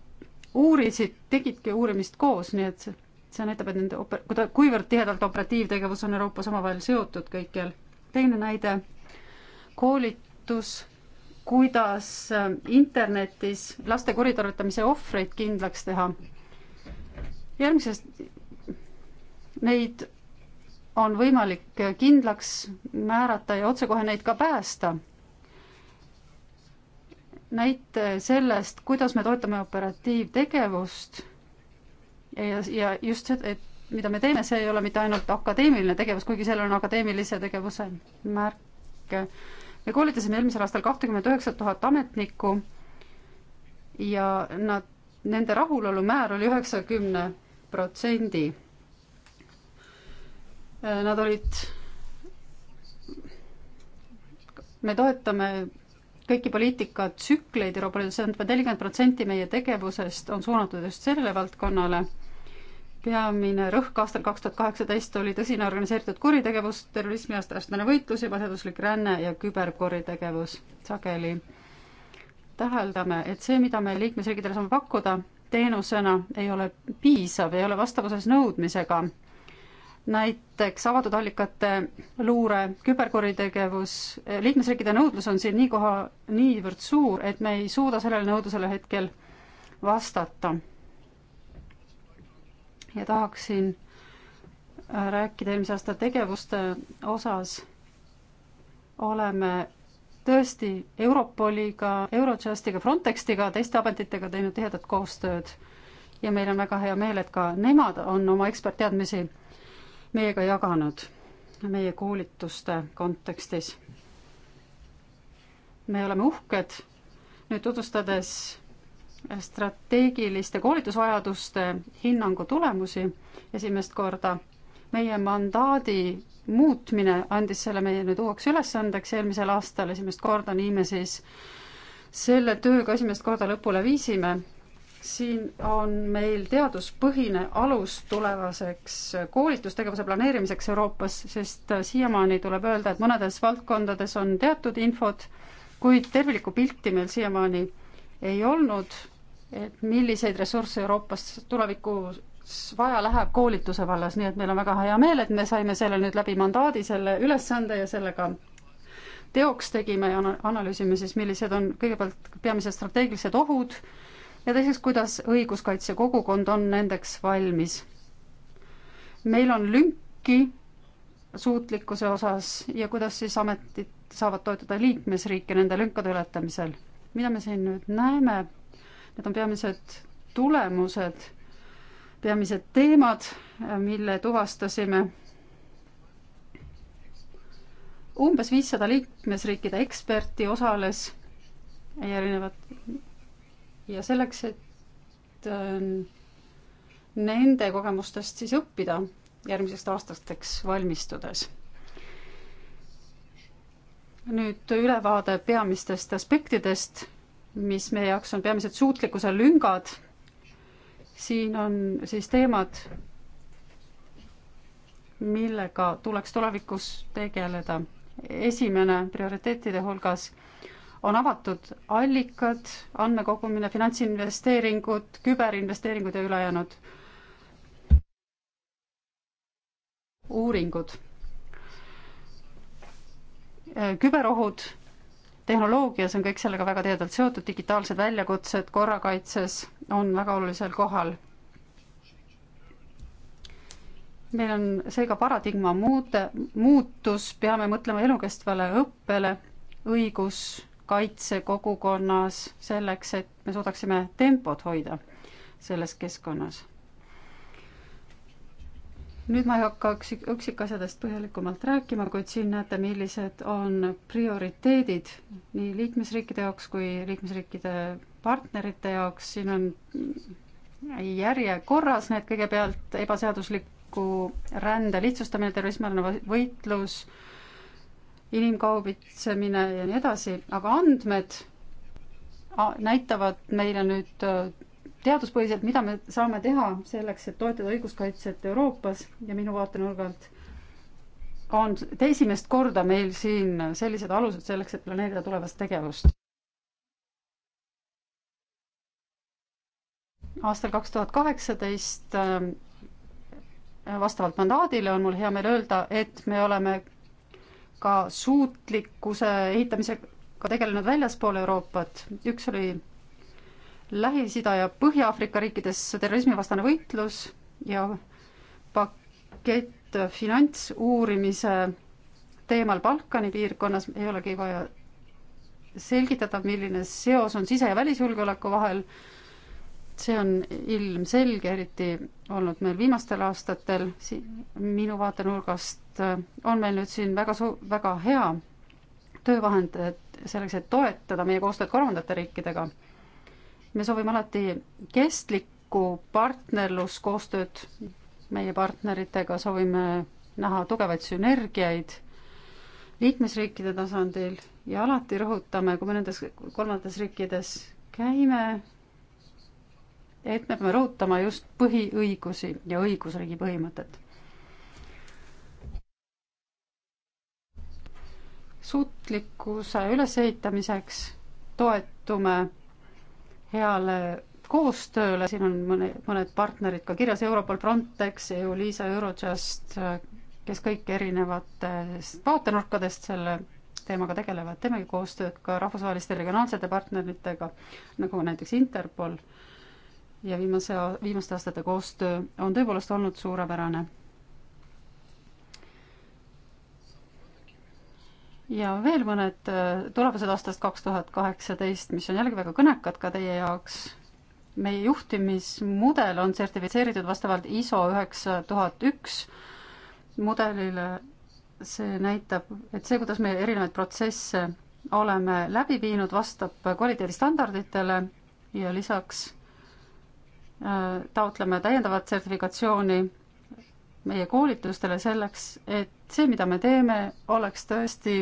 uurisid, tegidki uurimist koos, nii et see näitab, et nende oper-, kuivõrd tihedalt operatiivtegevus on Euroopas omavahel seotud kõikjal. teine näide, koolitus, kuidas äh, internetis laste kuritarvitamise ohvreid kindlaks teha. järgmisest, neid on võimalik kindlaks määrata ja otsekohe neid ka päästa. näite sellest, kuidas me toetame operatiivtegevust ja, ja just see, et mida me teeme, see ei ole mitte ainult akadeemiline tegevus, kuigi sellel on akadeemilise tegevuse märk. me koolitasime eelmisel aastal kahtekümmet üheksat tuhat ametnikku ja nad, nende rahulolu määr oli üheksakümne protsendi. Nad olid, me toetame kõiki poliitikatsükleid Euroopa Liidus, see on nelikümmend protsenti meie tegevusest on suunatud just sellele valdkonnale peamine rõhk aastal kaks tuhat kaheksateist oli tõsine organiseeritud kuritegevus, terrorismi vastane võitlus, ebaseaduslik ränne ja küberkuritegevus. sageli täheldame, et see, mida me liikmesriikidele saame pakkuda teenusena, ei ole piisav, ei ole vastavuses nõudmisega. näiteks avatud allikate luure, küberkuritegevus, liikmesriikide nõudlus on siin nii koha, niivõrd suur, et me ei suuda sellele nõudlusele hetkel vastata ja tahaksin äh, rääkida eelmise aasta tegevuste osas. oleme tõesti Europoliga, Eurojustiga, Frontexiga, teiste ametitega teinud tihedat koostööd ja meil on väga hea meel, et ka nemad on oma ekspertteadmisi meiega jaganud meie koolituste kontekstis. me oleme uhked nüüd tutvustades strateegiliste koolitusvajaduste hinnangu tulemusi esimest korda. meie mandaadi muutmine andis selle meie nüüd uueks ülesandeks eelmisel aastal esimest korda, nii me siis selle tööga esimest korda lõpule viisime. siin on meil teaduspõhine alus tulevaseks koolitustegevuse planeerimiseks Euroopas, sest siiamaani tuleb öelda, et mõnedes valdkondades on teatud infot, kuid terviklikku pilti meil siiamaani ei olnud, et milliseid ressursse Euroopas tulevikus vaja läheb koolituse vallas, nii et meil on väga hea meel, et me saime selle nüüd läbi mandaadi, selle ülesande ja sellega teoks tegime ja analüüsime siis, millised on kõigepealt peamised strateegilised ohud ja teiseks, kuidas õiguskaitsekogukond on nendeks valmis. meil on lünki suutlikkuse osas ja kuidas siis ametid saavad toetada liikmesriike nende lünkade ületamisel mida me siin nüüd näeme, need on peamised tulemused, peamised teemad, mille tuvastasime. umbes viissada liikmesriikide eksperti osales erinevat ja selleks, et ähm, nende kogemustest siis õppida järgmiseks aastateks valmistudes nüüd ülevaade peamistest aspektidest, mis meie jaoks on peamised suutlikkuse lüngad. siin on siis teemad, millega tuleks tulevikus tegeleda. esimene prioriteetide hulgas on avatud allikad, andmekogumine, finantsinvesteeringud, küberinvesteeringud ja ülejäänud uuringud Äh, küberohud, tehnoloogia, see on kõik sellega väga tihedalt seotud, digitaalsed väljakutsed korrakaitses on väga olulisel kohal. meil on seega paradigma muute, muutus, peame mõtlema elukestvale õppele, õiguskaitse kogukonnas selleks, et me suudaksime tempot hoida selles keskkonnas nüüd ma ei hakka üksik, üksikasjadest põhjalikumalt rääkima, kuid siin näete, millised on prioriteedid nii liikmesriikide jaoks kui liikmesriikide partnerite jaoks, siin on järjekorras need kõigepealt ebaseadusliku rände lihtsustamine, terrorismialane võitlus, inimkaubitsemine ja nii edasi, aga andmed näitavad meile nüüd teaduspõhiselt, mida me saame teha selleks, et toetada õiguskaitset Euroopas ja minu vaatenurgalt on esimest korda meil siin sellised alused selleks, et planeerida tulevast tegevust. aastal kaks tuhat kaheksateist äh, vastavalt mandaadile on mul hea meel öelda, et me oleme ka suutlikkuse ehitamisega tegelenud väljaspool Euroopat. üks oli Lähis-Ida ja Põhja-Aafrika riikides terrorismivastane võitlus ja pakett finantsuurimise teemal Balkani piirkonnas ei olegi vaja selgitada, milline seos on sise- ja välisjulgeoleku vahel. see on ilmselge, eriti olnud meil viimastel aastatel. minu vaatenurgast äh, on meil nüüd siin väga su-, väga hea töövahend, et selleks, et toetada meie koostööd kolmandate riikidega me soovime alati kestlikku partnerluskoostööd meie partneritega, soovime näha tugevaid sünergiaid liikmesriikide tasandil ja alati rõhutame, kui me nendes kolmandates riikides käime, et me peame rõhutama just põhiõigusi ja õigusriigi põhimõtet. suutlikkuse ülesehitamiseks toetume heale koostööle, siin on mõne, mõned partnerid ka kirjas, Europol, Frontex, EULISA, Eurojust, kes kõik erinevatest vaatenurkadest selle teemaga tegelevad, teemegi koostööd ka rahvusvaheliste regionaalsete partneritega, nagu näiteks Interpol ja viimase, viimaste aastate koostöö on tõepoolest olnud suurepärane ja veel mõned äh, tulevased aastast kaks tuhat kaheksateist, mis on jällegi väga kõnekad ka teie jaoks. meie juhtimismudel on sertifitseeritud vastavalt ISO üheksa tuhat üks mudelile. see näitab, et see, kuidas me erinevaid protsesse oleme läbi viinud, vastab kvaliteedistandarditele ja lisaks äh, taotleme täiendavat sertifikatsiooni meie koolitustele selleks, et see, mida me teeme, oleks tõesti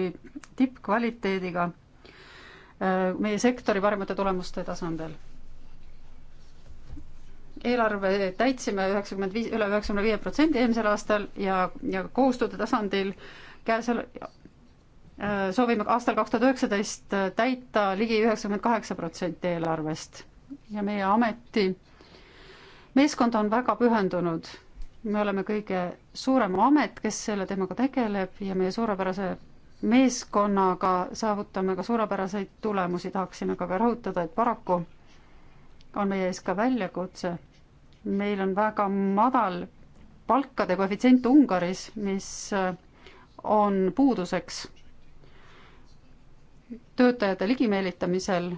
tippkvaliteediga äh, meie sektori parimate tulemuste tasandil. eelarve täitsime üheksakümmend viis, üle üheksakümne viie protsendi eelmisel aastal ja, ja koostööde tasandil käesol-, äh, soovime aastal kaks tuhat üheksateist äh, täita ligi üheksakümmend kaheksa protsenti eelarvest ja meie ameti meeskond on väga pühendunud me oleme kõige suurem amet, kes selle teemaga tegeleb ja meie suurepärase meeskonnaga saavutame ka suurepäraseid tulemusi, tahaksime aga rõhutada, et paraku on meie ees ka väljakutse. meil on väga madal palkade koefitsient Ungaris, mis äh, on puuduseks töötajate ligimeelitamisel.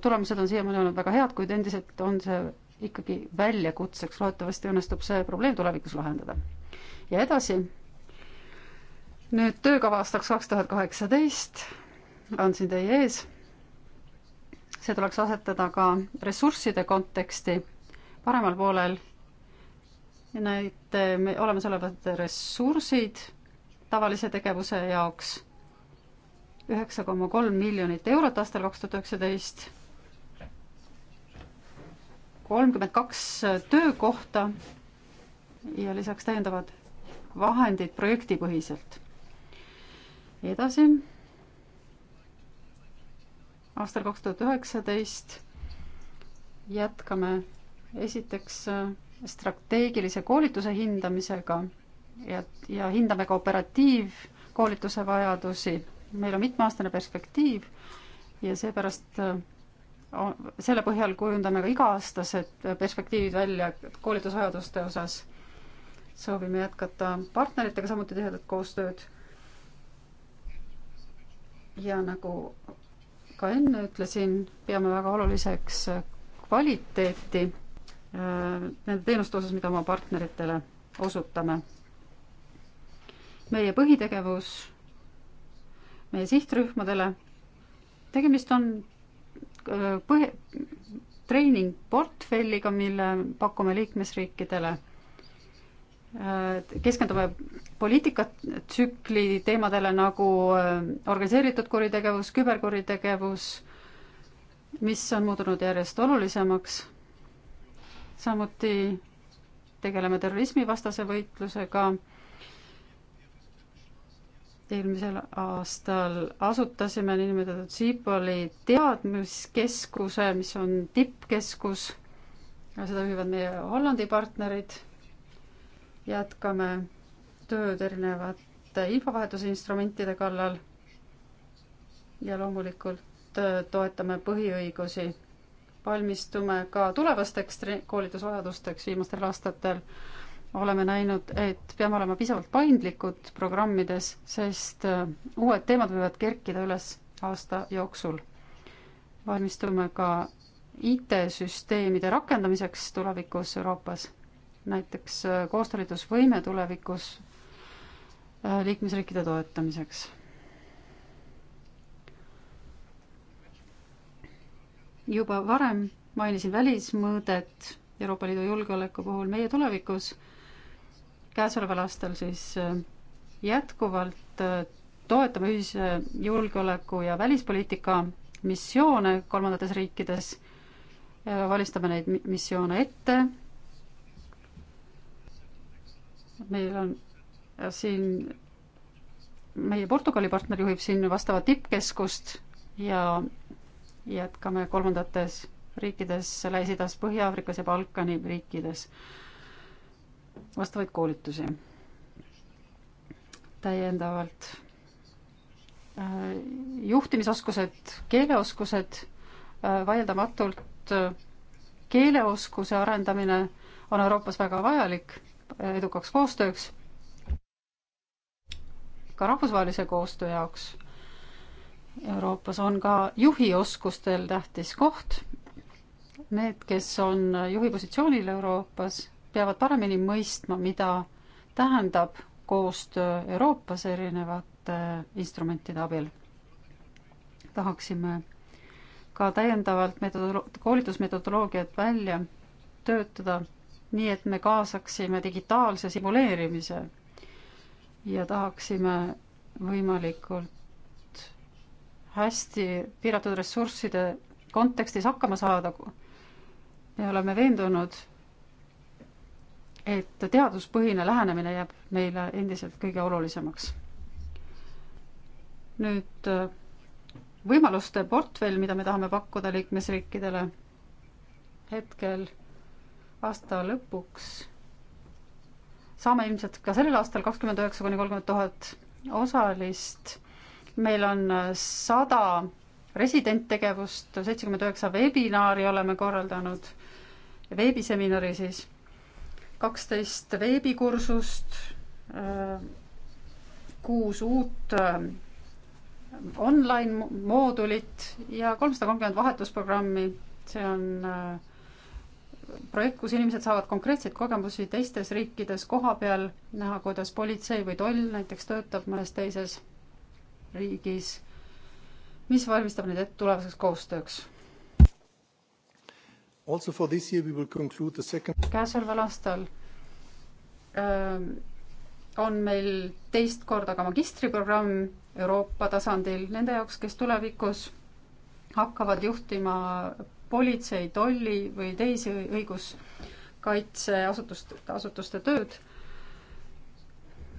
tulemused on siiamaani olnud väga head, kuid endiselt on see ikkagi väljakutseks, loodetavasti õnnestub see probleem tulevikus lahendada. ja edasi, nüüd töökava aastaks kaks tuhat kaheksateist on siin teie ees. see tuleks asetada ka ressursside konteksti paremal poolel. näite, me oleme selle pealt ressursid tavalise tegevuse jaoks üheksa koma kolm miljonit eurot aastal kaks tuhat üheksateist kolmkümmend kaks töökohta ja lisaks täiendavad vahendid projektipõhiselt. edasi. aastal kaks tuhat üheksateist jätkame esiteks strateegilise koolituse hindamisega ja, ja hindame ka operatiivkoolituse vajadusi. meil on mitmeaastane perspektiiv ja seepärast selle põhjal kujundame ka iga-aastased perspektiivid välja koolitusvajaduste osas. soovime jätkata partneritega samuti tihedat koostööd. ja nagu ka enne ütlesin, peame väga oluliseks kvaliteeti äh, nende teenuste osas, mida oma partneritele osutame. meie põhitegevus meie sihtrühmadele, tegemist on põhi, treeningportfelliga, mille pakume liikmesriikidele. keskendume poliitikatsükli teemadele nagu äh, organiseeritud kuritegevus, küberkuritegevus, mis on muutunud järjest olulisemaks. samuti tegeleme terrorismivastase võitlusega eelmisel aastal asutasime niinimetatud Siipoli teadmiskeskuse, mis on tippkeskus. seda juhivad meie Hollandi partnerid. jätkame tööd erinevate infovahetusinstrumentide kallal. ja loomulikult äh, toetame põhiõigusi. valmistume ka tulevasteks koolitusvajadusteks viimastel aastatel oleme näinud, et peame olema piisavalt paindlikud programmides, sest äh, uued teemad võivad kerkida üles aasta jooksul. valmistume ka IT-süsteemide rakendamiseks tulevikus Euroopas, näiteks äh, koostöölitusvõime tulevikus äh, liikmesriikide toetamiseks. juba varem mainisin välismõõdet Euroopa Liidu julgeoleku puhul meie tulevikus käesoleval aastal siis äh, jätkuvalt äh, toetame ühise julgeoleku ja välispoliitika missioone kolmandates riikides, äh, valistame neid missioone ette. meil on siin, meie Portugali partner juhib siin vastavat tippkeskust ja jätkame kolmandates riikides Lähis-Idas, Põhja-Aafrikas ja Balkani riikides vastavaid koolitusi. täiendavalt äh, juhtimisoskused, keeleoskused, äh, vaieldamatult äh, keeleoskuse arendamine on Euroopas väga vajalik edukaks koostööks, ka rahvusvahelise koostöö jaoks. Euroopas on ka juhi oskustel tähtis koht. Need, kes on juhi positsioonil Euroopas, peavad paremini mõistma, mida tähendab koostöö Euroopas erinevate instrumentide abil. tahaksime ka täiendavalt metodolo-, koolitusmetodoloogiat välja töötada, nii et me kaasaksime digitaalse simuleerimise ja tahaksime võimalikult hästi piiratud ressursside kontekstis hakkama saada. me oleme veendunud, et teaduspõhine lähenemine jääb meile endiselt kõige olulisemaks. nüüd äh, võimaluste portfell, mida me tahame pakkuda liikmesriikidele hetkel aasta lõpuks saame ilmselt ka sellel aastal kakskümmend üheksa kuni kolmkümmend tuhat osalist. meil on äh, sada residenttegevust, seitsekümmend üheksa webinaari oleme korraldanud, veebiseminari siis kaksteist veebikursust, kuus uut äh, online moodulit ja kolmsada kolmkümmend vahetusprogrammi. see on äh, projekt, kus inimesed saavad konkreetseid kogemusi teistes riikides koha peal, näha, kuidas politsei või toll näiteks töötab mõnes teises riigis, mis valmistab neid ette tulevaseks koostööks käesoleval aastal öö, ähm, on meil teist korda ka magistriprogramm Euroopa tasandil nende jaoks, kes tulevikus hakkavad juhtima politsei, tolli või teisi õiguskaitseasutuste, asutuste tööd.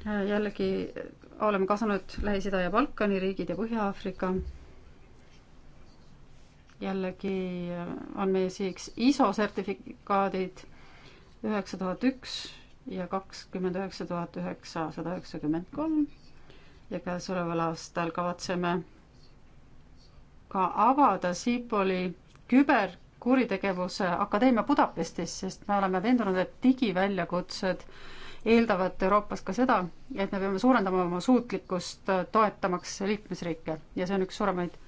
Äh, jällegi oleme kaasanud Lähis-Ida ja Balkani riigid ja Põhja-Aafrika jällegi äh, on meie sihiks ISO sertifikaadid üheksa tuhat üks ja kakskümmend üheksa tuhat üheksasada üheksakümmend kolm ja käesoleval aastal kavatseme ka avada Siipoli küberkuritegevuse akadeemia Budapestis, sest me oleme veendunud, et digiväljakutsed eeldavad Euroopas ka seda, et me peame suurendama oma suutlikkust toetamaks liikmesriike ja see on üks suuremaid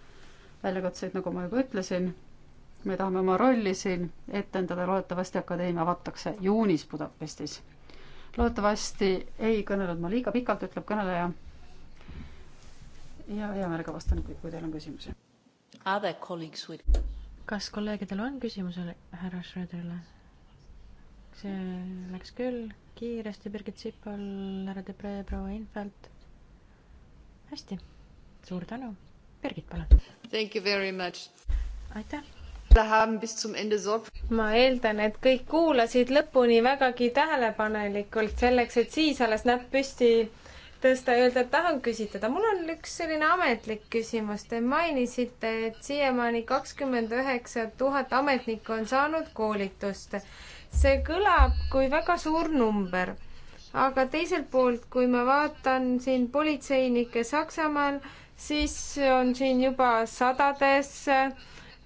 väljakutseid, nagu ma juba ütlesin. me tahame oma rolli siin etendada, loodetavasti akadeemia avatakse juunis Budapestis. loodetavasti ei kõnelenud ma liiga pikalt, ütleb kõneleja. ja hea meelega vastan, kui teil on küsimusi. kas kolleegidel on küsimusi härra Schröderile? see läks küll kiiresti, Birgit Sipol, härra Debre, proua Infeld. hästi, suur tänu Birgit, palun. aitäh ma eeldan, et kõik kuulasid lõpuni vägagi tähelepanelikult, selleks et siis alles näpp püsti tõsta ja öelda, et tahan küsitleda. mul on üks selline ametlik küsimus. Te mainisite, et siiamaani kakskümmend üheksa tuhat ametnikku on saanud koolitust. see kõlab kui väga suur number. aga teiselt poolt, kui ma vaatan siin politseinikke Saksamaal, siis on siin juba sadades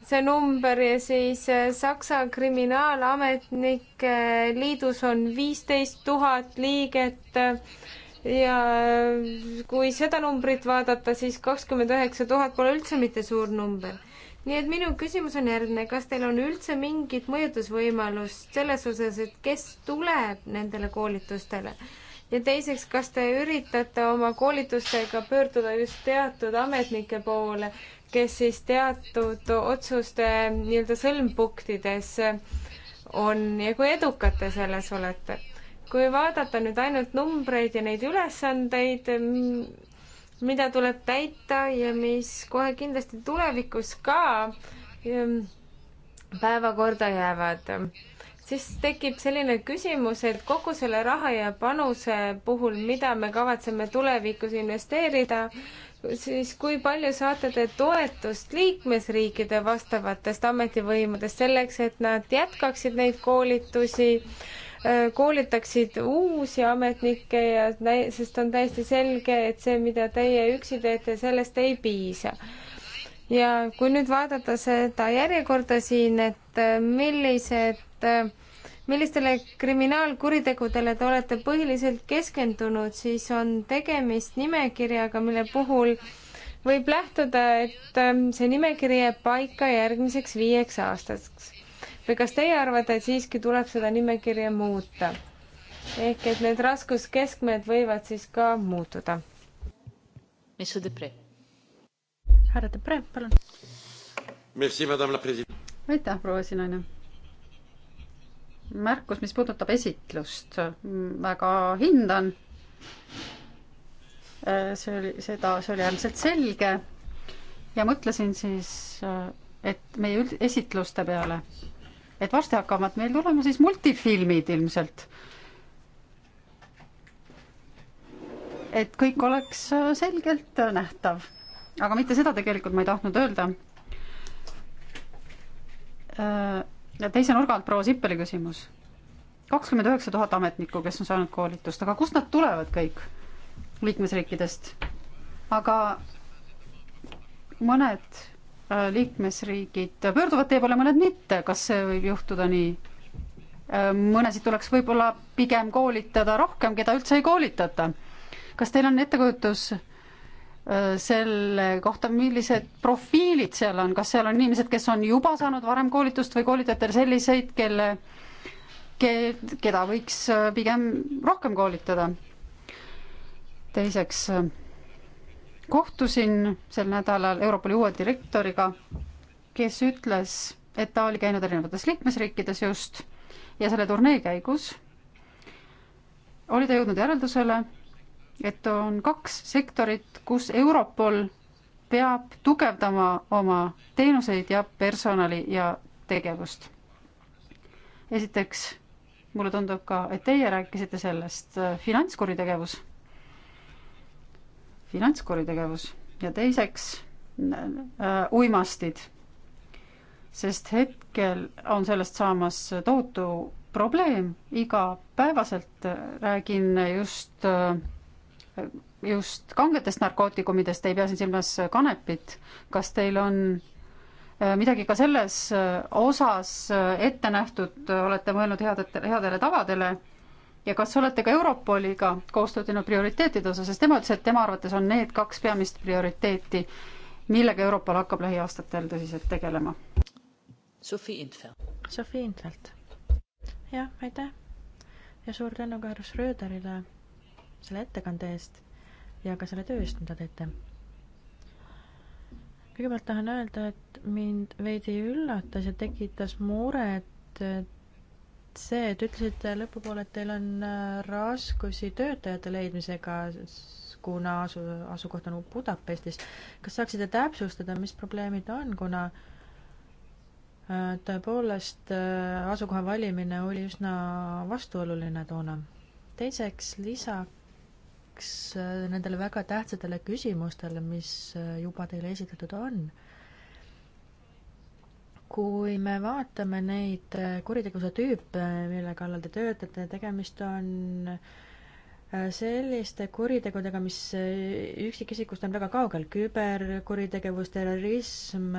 see number ja siis eh, Saksa kriminaalametnike liidus on viisteist tuhat liiget ja eh, kui seda numbrit vaadata, siis kakskümmend üheksa tuhat pole üldse mitte suur number. nii et minu küsimus on järgmine, kas teil on üldse mingit mõjutusvõimalust selles osas, et kes tuleb nendele koolitustele? ja teiseks, kas te üritate oma koolitustega pöörduda just teatud ametnike poole, kes siis teatud otsuste nii-öelda sõlmpunktides on ja kui edukad te selles olete? kui vaadata nüüd ainult numbreid ja neid ülesandeid, mida tuleb täita ja mis kohe kindlasti tulevikus ka päevakorda jäävad siis tekib selline küsimus, et kogu selle raha ja panuse puhul, mida me kavatseme tulevikus investeerida, siis kui palju saate te toetust liikmesriikide vastavatest ametivõimudest selleks, et nad jätkaksid neid koolitusi, koolitaksid uusi ametnikke ja sest on täiesti selge, et see, mida teie üksi teete, sellest ei piisa ja kui nüüd vaadata seda järjekorda siin, et äh, millised, äh, millistele kriminaalkuritegudele te olete põhiliselt keskendunud, siis on tegemist nimekirjaga, mille puhul võib lähtuda, et äh, see nimekiri jääb paika järgmiseks viieks aastaks. või kas teie arvate, et siiski tuleb seda nimekirja muuta? ehk et need raskuskeskmed võivad siis ka muutuda? mis su teeb? härra Debre, palun. aitäh, proua esinaine. märkus, mis puudutab esitlust, väga hindan. Äh, see oli, seda, see oli äärmiselt selge ja mõtlesin siis, äh, et meie üld-, esitluste peale, et varsti hakkavad meil tulema siis multifilmid ilmselt et kõik oleks äh, selgelt nähtav aga mitte seda tegelikult ma ei tahtnud öelda. Äh, teise nurga alt proua Sippeli küsimus. kakskümmend üheksa tuhat ametnikku, kes on saanud koolitust, aga kust nad tulevad kõik liikmesriikidest? aga mõned äh, liikmesriigid pöörduvad teie poole, mõned mitte, kas see võib juhtuda nii? Äh, mõnesid tuleks võib-olla pigem koolitada rohkem, keda üldse ei koolitata. kas teil on ettekujutus, Äh, selle kohta, millised profiilid seal on, kas seal on inimesed, kes on juba saanud varem koolitust või koolitajatel selliseid, kelle, ke-, keda võiks äh, pigem rohkem koolitada? teiseks, äh, kohtusin sel nädalal Europoli uue direktoriga, kes ütles, et ta oli käinud erinevates liikmesriikides just ja selle turnee käigus oli ta jõudnud järeldusele, et on kaks sektorit, kus Europol peab tugevdama oma teenuseid ja personali ja tegevust. esiteks, mulle tundub ka, et teie rääkisite sellest äh, finantskuritegevus, finantskuritegevus ja teiseks äh, uimastid, sest hetkel on sellest saamas tohutu probleem, igapäevaselt äh, räägin just äh, just kangetest narkootikumidest, ei pea siin silmas kanepit, kas teil on äh, midagi ka selles äh, osas äh, ette nähtud, olete mõelnud headete, headele tavadele ja kas olete ka Europoliga koostööd teinud prioriteetide osas, sest tema ütles, et tema arvates on need kaks peamist prioriteeti, millega Europol hakkab lähiaastatel tõsiselt tegelema? Sofi Infeld. Sofi Infeld. jah, aitäh ja suur tänu ka härra Schröderile selle ettekande eest ja ka selle töö eest, mida teete. kõigepealt tahan öelda, et mind veidi üllatas ja tekitas muret see, et ütlesite lõpupoole, et teil on äh, raskusi töötajate leidmisega, kuna asu, asukoht on Budapestis. kas saaksite täpsustada, mis probleemid on, kuna äh, tõepoolest äh, asukoha valimine oli üsna vastuoluline toona. teiseks, lisaks mõtleks äh, nendele väga tähtsatele küsimustele, mis äh, juba teile esitatud on. kui me vaatame neid äh, kuritegevuse tüüpe, mille kallal te töötate, tegemist on selliste kuritegudega, mis üksikisikust on väga kaugel, küberkuritegevus, terrorism,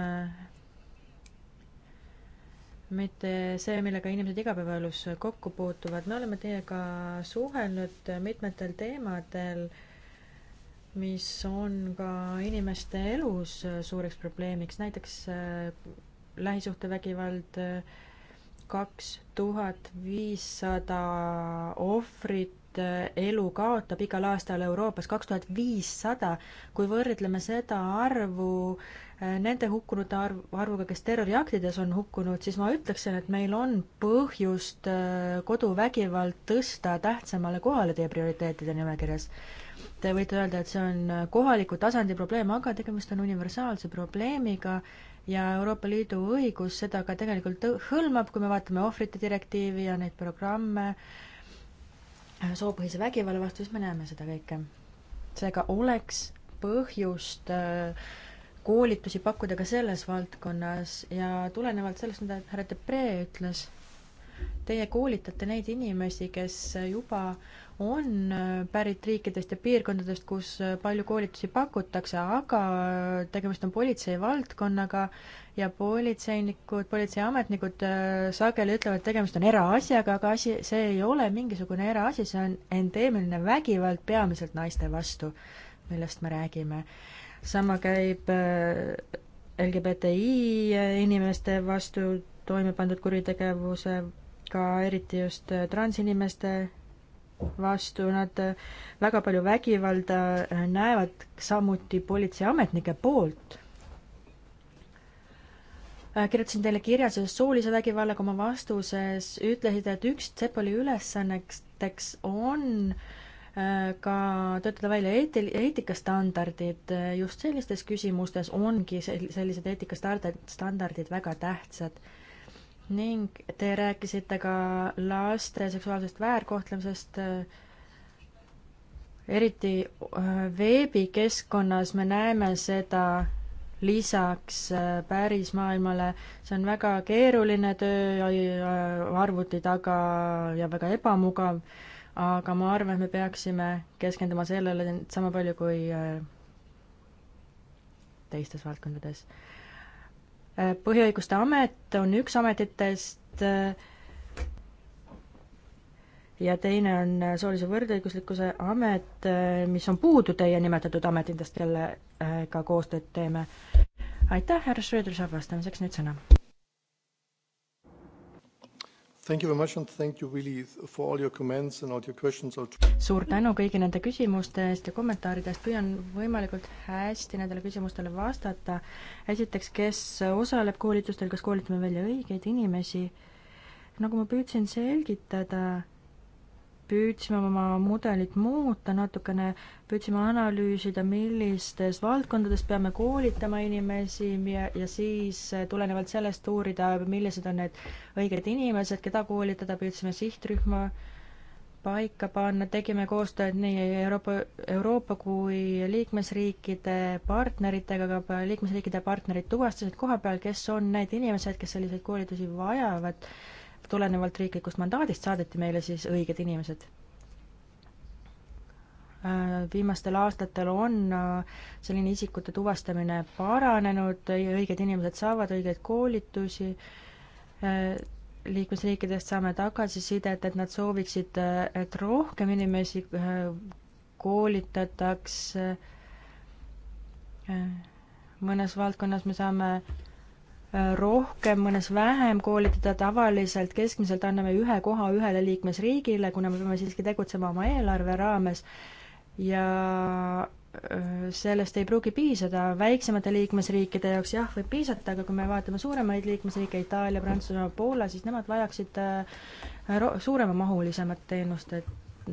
mitte see, millega inimesed igapäevaelus kokku puutuvad. me oleme teiega suhelnud mitmetel teemadel, mis on ka inimeste elus suureks probleemiks, näiteks äh, lähisuhtevägivald, äh, kaks tuhat viissada ohvrit äh, elu kaotab igal aastal Euroopas, kaks tuhat viissada. kui võrdleme seda arvu Äh, nende hukkunute arv, arvuga, kes terroriaktides on hukkunud, siis ma ütleksin, et meil on põhjust äh, koduvägivald tõsta tähtsamale kohale teie prioriteetide nimekirjas. Te võite öelda, et see on äh, kohaliku tasandi probleem, aga tegemist on universaalse probleemiga ja Euroopa Liidu õigus seda ka tegelikult hõlmab, kui me vaatame ohvrite direktiivi ja neid programme soopõhise vägivalla vastu, siis me näeme seda kõike. seega oleks põhjust äh, koolitusi pakkuda ka selles valdkonnas ja tulenevalt sellest, mida härra Depre ütles, teie koolitate neid inimesi, kes juba on äh, pärit riikidest ja piirkondadest, kus äh, palju koolitusi pakutakse, aga tegemist on politsei valdkonnaga ja politseinikud, politseiametnikud äh, sageli ütlevad, et tegemist on eraasjaga, aga asi, see ei ole mingisugune eraasi, see on endeemiline vägivald peamiselt naiste vastu, millest me räägime sama käib äh, LGBTI inimeste vastu toime pandud kuritegevusega, eriti just äh, transinimeste vastu, nad äh, väga palju vägivalda näevad samuti politseiametnike poolt kirjutasin teile kirja seoses soolise vägivallaga oma vastuses, ütlesite, et üks Tsepoli ülesanneteks on äh, Äh, ka töötada välja eeti-, eetikastandardid, äh, just sellistes küsimustes ongi sel-, sellised eetikastandard, standardid väga tähtsad. ning te rääkisite ka laste seksuaalsest väärkohtlemisest, äh, eriti veebikeskkonnas me näeme seda lisaks pärismaailmale, see on väga keeruline töö arvuti taga ja väga ebamugav aga ma arvan, et me peaksime keskenduma sellele sama palju kui äh, teistes valdkondades. Äh, põhiõiguste amet on üks ametitest äh, ja teine on soolise võrdõiguslikkuse amet, mis on puudu teie nimetatud ametitest, kellega koostööd teeme. aitäh, härra Schröder saab vastamiseks nüüd sõna Thank you very much and thank you really for all your comments and all your questions. suur tänu kõigi nende küsimuste eest ja kommentaaride eest, püüan võimalikult hästi nendele küsimustele vastata. esiteks, kes osaleb koolitustel, kas koolitame välja õigeid inimesi? nagu ma püüdsin selgitada, püüdsime oma mudelit muuta natukene, püüdsime analüüsida, millistes valdkondades peame koolitama inimesi ja, ja siis eh, tulenevalt sellest uurida, millised on need õiged inimesed, keda koolitada, püüdsime sihtrühma paika panna, tegime koostööd nii Euroopa, Euroopa kui liikmesriikide partneritega, aga liikmesriikide partnerid tuvastasid koha peal, kes on need inimesed, kes selliseid koolitusi vajavad tulenevalt riiklikust mandaadist saadeti meile siis õiged inimesed äh, viimastel aastatel on äh, selline isikute tuvastamine paranenud, õiged inimesed saavad õigeid koolitusi, äh, liikmesriikidest saame tagasisidet, et nad sooviksid, et rohkem inimesi koolitataks, mõnes valdkonnas me saame rohkem, mõnes vähem koolitada, tavaliselt keskmiselt anname ühe koha ühele liikmesriigile, kuna me peame siiski tegutsema oma eelarve raames ja sellest ei pruugi piisada, väiksemate liikmesriikide jaoks jah, võib piisata, aga kui me vaatame suuremaid liikmesriike, Itaalia, Prantsusmaa, Poola, siis nemad vajaksid suuremamahulisemat teenust, et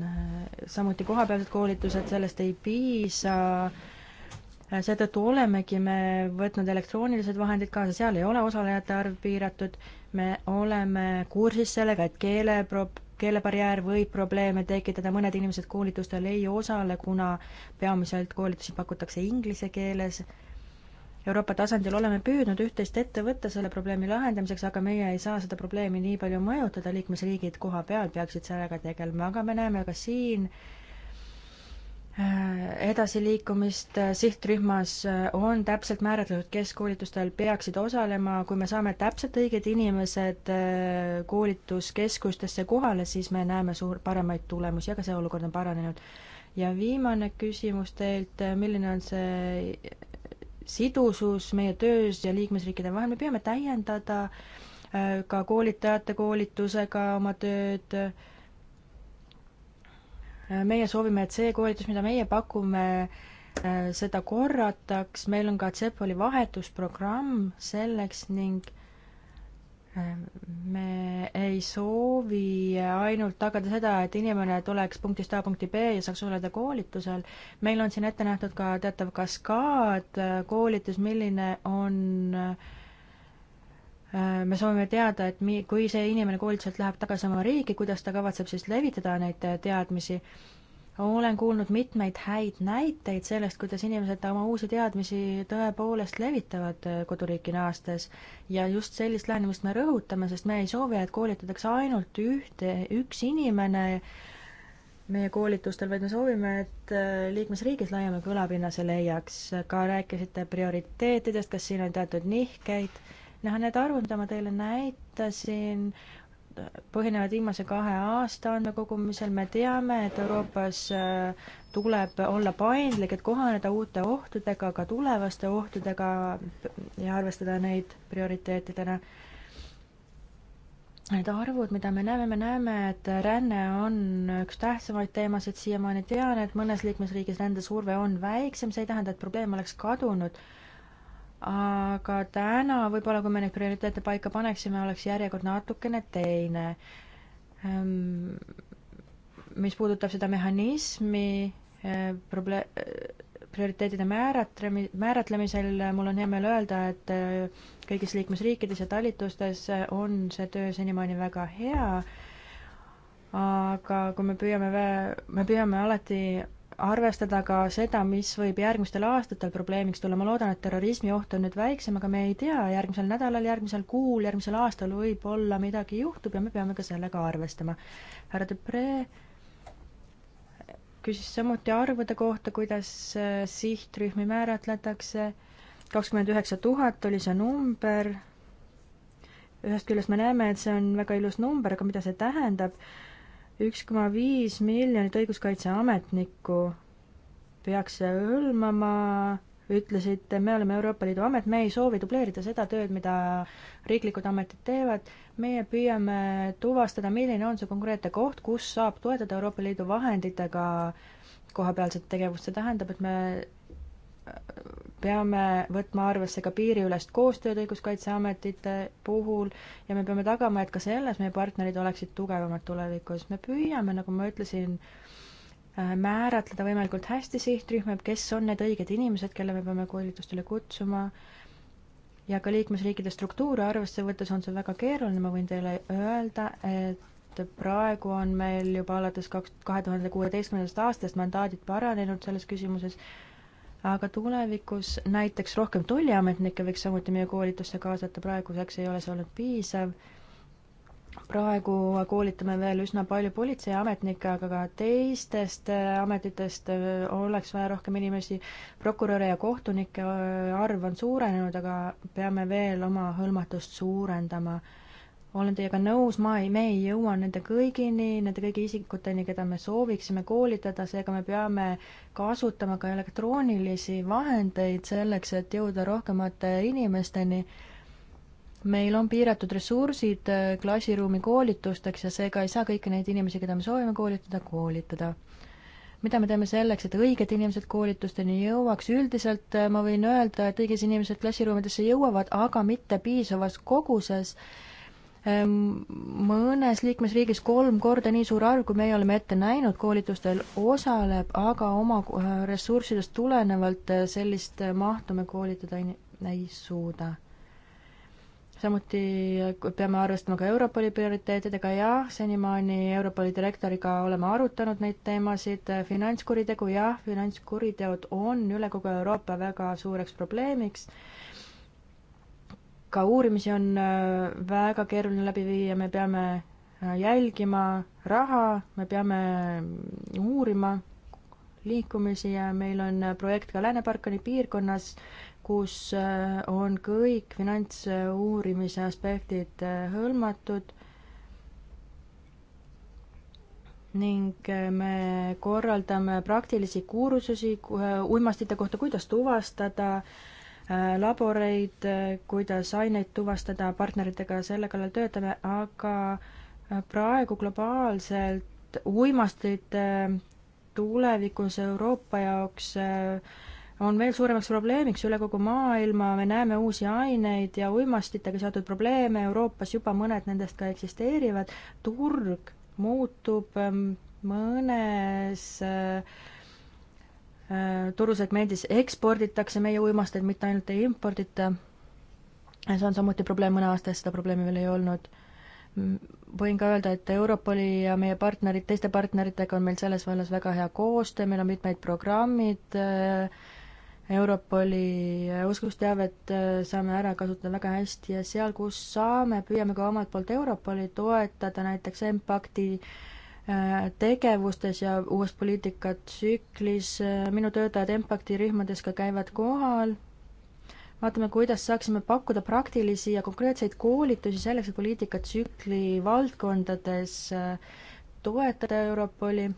samuti kohapealsed koolitused, sellest ei piisa äh, seetõttu olemegi me võtnud elektroonilised vahendid kaasa, seal ei ole osalejate arv piiratud, me oleme kursis sellega, et keele pro-, keelebarjäär võib probleeme tekitada, mõned inimesed koolitustel ei osale, kuna peamiselt koolitusi pakutakse inglise keeles. Euroopa tasandil oleme püüdnud üht-teist ette võtta selle probleemi lahendamiseks, aga meie ei saa seda probleemi nii palju mõjutada, liikmesriigid koha peal peaksid sellega tegelema, aga me näeme ka siin äh, edasiliikumist äh, sihtrühmas äh, on täpselt määratletud, kes koolitustel peaksid osalema, kui me saame täpselt õiged inimesed äh, koolituskeskustesse kohale, siis me näeme suur, paremaid tulemusi ja ka see olukord on paranenud. ja viimane küsimus teilt, milline on see sidusus meie töös ja liikmesriikide vahel, me püüame täiendada ka koolitajate koolitusega oma tööd, meie soovime, et see koolitus, mida meie pakume, äh, seda korrataks, meil on ka CEPOL-i vahetusprogramm selleks ning äh, me ei soovi ainult tagada seda, et inimene tuleks punktist A punkti B ja saaks osaleda koolitusel. meil on siin ette nähtud ka teatav kaskaad, äh, koolitus, milline on äh, Äh, me soovime teada, et mi-, kui see inimene kooliselt läheb tagasi oma riigi, kuidas ta kavatseb siis levitada neid äh, teadmisi. olen kuulnud mitmeid häid näiteid sellest, kuidas inimesed oma uusi teadmisi tõepoolest levitavad äh, koduriiki naastes. ja just sellist lähenemist me rõhutame, sest me ei soovi, et koolitatakse ainult ühte, üks inimene meie koolitustel, vaid me soovime, et liikmesriigis laiema kõlapinna see leiaks. ka rääkisite prioriteetidest, kas siin on teatud nihkeid noh, need arvud, mida ma teile näitasin, põhinevad viimase kahe aasta andmekogumisel, me teame, et Euroopas äh, tuleb olla paindlik, et kohaneda uute ohtudega, ka tulevaste ohtudega ja arvestada neid prioriteetidena. Need arvud, mida me näeme, me näeme, et ränne on üks tähtsamaid teemasid, siiamaani tean, et mõnes liikmesriigis rändesurve on väiksem, see ei tähenda, et probleem oleks kadunud aga täna võib-olla, kui me neid prioriteete paika paneksime, oleks järjekord natukene teine. Ehm, mis puudutab seda mehhanismi eh, proble-, eh, prioriteetide määratlemi-, määratlemisel eh, mul on hea meel öelda, et kõigis liikmesriikides ja talitustes on see töö senimaani väga hea, aga kui me püüame, me püüame alati arvestada ka seda, mis võib järgmistel aastatel probleemiks tulla, ma loodan, et terrorismioht on nüüd väiksem, aga me ei tea, järgmisel nädalal, järgmisel kuul, järgmisel aastal võib-olla midagi juhtub ja me peame ka sellega arvestama. härra Depre küsis samuti arvude kohta, kuidas äh, sihtrühmi määratletakse, kakskümmend üheksa tuhat oli see number, ühest küljest me näeme, et see on väga ilus number, aga mida see tähendab, üks koma viis miljonit õiguskaitseametnikku peaks see hõlmama, ütlesite, me oleme Euroopa Liidu amet, me ei soovi dubleerida seda tööd, mida riiklikud ametid teevad, meie püüame tuvastada, milline on see konkreetne koht, kus saab toetada Euroopa Liidu vahenditega kohapealset tegevust, see tähendab, et me peame võtma arvesse ka piiriülest koostööd õiguskaitseametite puhul ja me peame tagama, et ka selles meie partnerid oleksid tugevamad tulevikus. me püüame, nagu ma ütlesin, äh, määratleda võimalikult hästi sihtrühma, kes on need õiged inimesed, kelle me peame koolitustele kutsuma, ja ka liikmesriikide struktuure arvesse võttes on see väga keeruline, ma võin teile öelda, et praegu on meil juba alates kaks, kahe tuhande kuueteistkümnendast aastast mandaadid paranenud selles küsimuses aga tulevikus näiteks rohkem tolliametnikke võiks samuti meie koolitusse kaasata, praeguseks ei ole see olnud piisav. praegu koolitame veel üsna palju politseiametnikke, aga ka teistest äh, ametitest äh, oleks vaja rohkem inimesi. prokuröre ja kohtunike äh, arv on suurenenud, aga peame veel oma hõlmatust suurendama olen teiega nõus, ma ei, me ei jõua nende kõigini, nende kõigi isikuteni, keda me sooviksime koolitada, seega me peame kasutama ka elektroonilisi vahendeid selleks, et jõuda rohkemate inimesteni. meil on piiratud ressursid äh, klassiruumi koolitusteks ja seega ei saa kõiki neid inimesi, keda me soovime koolitada, koolitada mida me teeme selleks, et õiged inimesed koolitusteni jõuaks, üldiselt äh, ma võin öelda, et õiged inimesed klassiruumidesse jõuavad, aga mitte piisavas koguses äh, Ehm, mõnes liikmesriigis kolm korda nii suur arv, kui meie oleme ette näinud, koolitustel osaleb, aga oma äh, ressurssidest tulenevalt äh, sellist äh, mahtu me koolitada ei, ei suuda. samuti peame arvestama ka Europoli prioriteetidega, jah, senimaani Europoli direktoriga oleme arutanud neid teemasid, finantkuritegu, jah, finantskuriteod on üle kogu Euroopa väga suureks probleemiks ka uurimisi on äh, väga keeruline läbi viia, me peame äh, jälgima raha, me peame mm, uurima liikumisi ja meil on äh, projekt ka Lääne-Balkani piirkonnas, kus on kõik finantsuurimise aspektid hõlmatud ning me korraldame praktilisi kursusi uimastite kohta, kuidas tuvastada äh, Äh, laboreid, äh, kuidas aineid tuvastada, partneritega selle kallal töötame, aga äh, praegu globaalselt uimastite tulevikus Euroopa jaoks on veel suuremaks probleemiks üle kogu maailma, me näeme uusi aineid ja uimastitega seotud probleeme, Euroopas juba mõned nendest ka eksisteerivad, turg muutub ähm, mõnes äh, Äh, turusegmendis eksporditakse meie uimasteid, mitte ainult ei impordita. see on samuti probleem, mõne aasta eest seda probleemi veel ei olnud. võin ka öelda, et Europoli ja meie partnerid, teiste partneritega on meil selles vallas väga hea koostöö, meil on mitmeid programmid, äh, Europoli äh, oskusteavet saame ära kasutada väga hästi ja seal, kus saame, püüame ka omalt poolt Europoli toetada, näiteks M-pakti äh, tegevustes ja uues poliitikatsüklis. minu töötajad Impacti rühmades ka käivad kohal. vaatame, kuidas saaksime pakkuda praktilisi ja konkreetseid koolitusi selleks, et poliitikatsükli valdkondades toetada Europoli.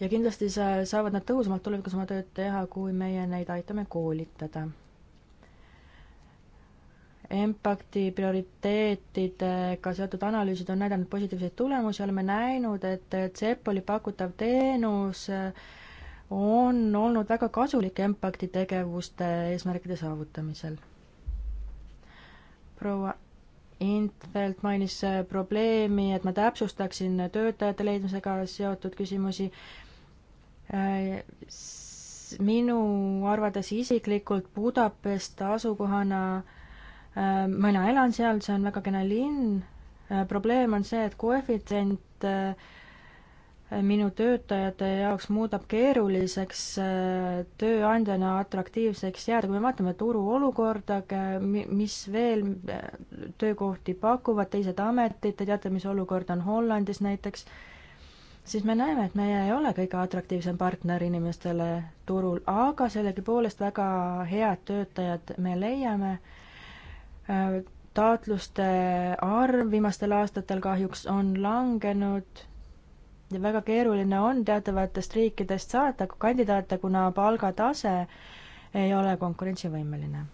ja kindlasti saavad nad tõhusamalt tulevikus oma tööd teha, kui meie neid aitame koolitada impacti prioriteetidega seotud analüüsid on näidanud positiivseid tulemusi, oleme näinud, et CEPOL-i pakutav teenus on olnud väga kasulik impacti tegevuste eesmärkide saavutamisel. proua Intfeld mainis probleemi, et ma täpsustaksin töötajate leidmisega seotud küsimusi minu arvates isiklikult Budapest asukohana Äh, mina elan seal, see on väga kena linn, äh, probleem on see, et koefitsient äh, minu töötajate jaoks muudab keeruliseks tööandjana atraktiivseks jääda, kui me vaatame turuolukorda, mis veel töökohti pakuvad, teised ametid, te teate, mis olukord on Hollandis näiteks, siis me näeme, et meie ei ole kõige atraktiivsem partner inimestele turul, aga sellegipoolest väga head töötajad me leiame Äh, taotluste arv viimastel aastatel kahjuks on langenud ja väga keeruline on teatavatest riikidest saada kandidaate, kuna palgatase ei ole konkurentsivõimeline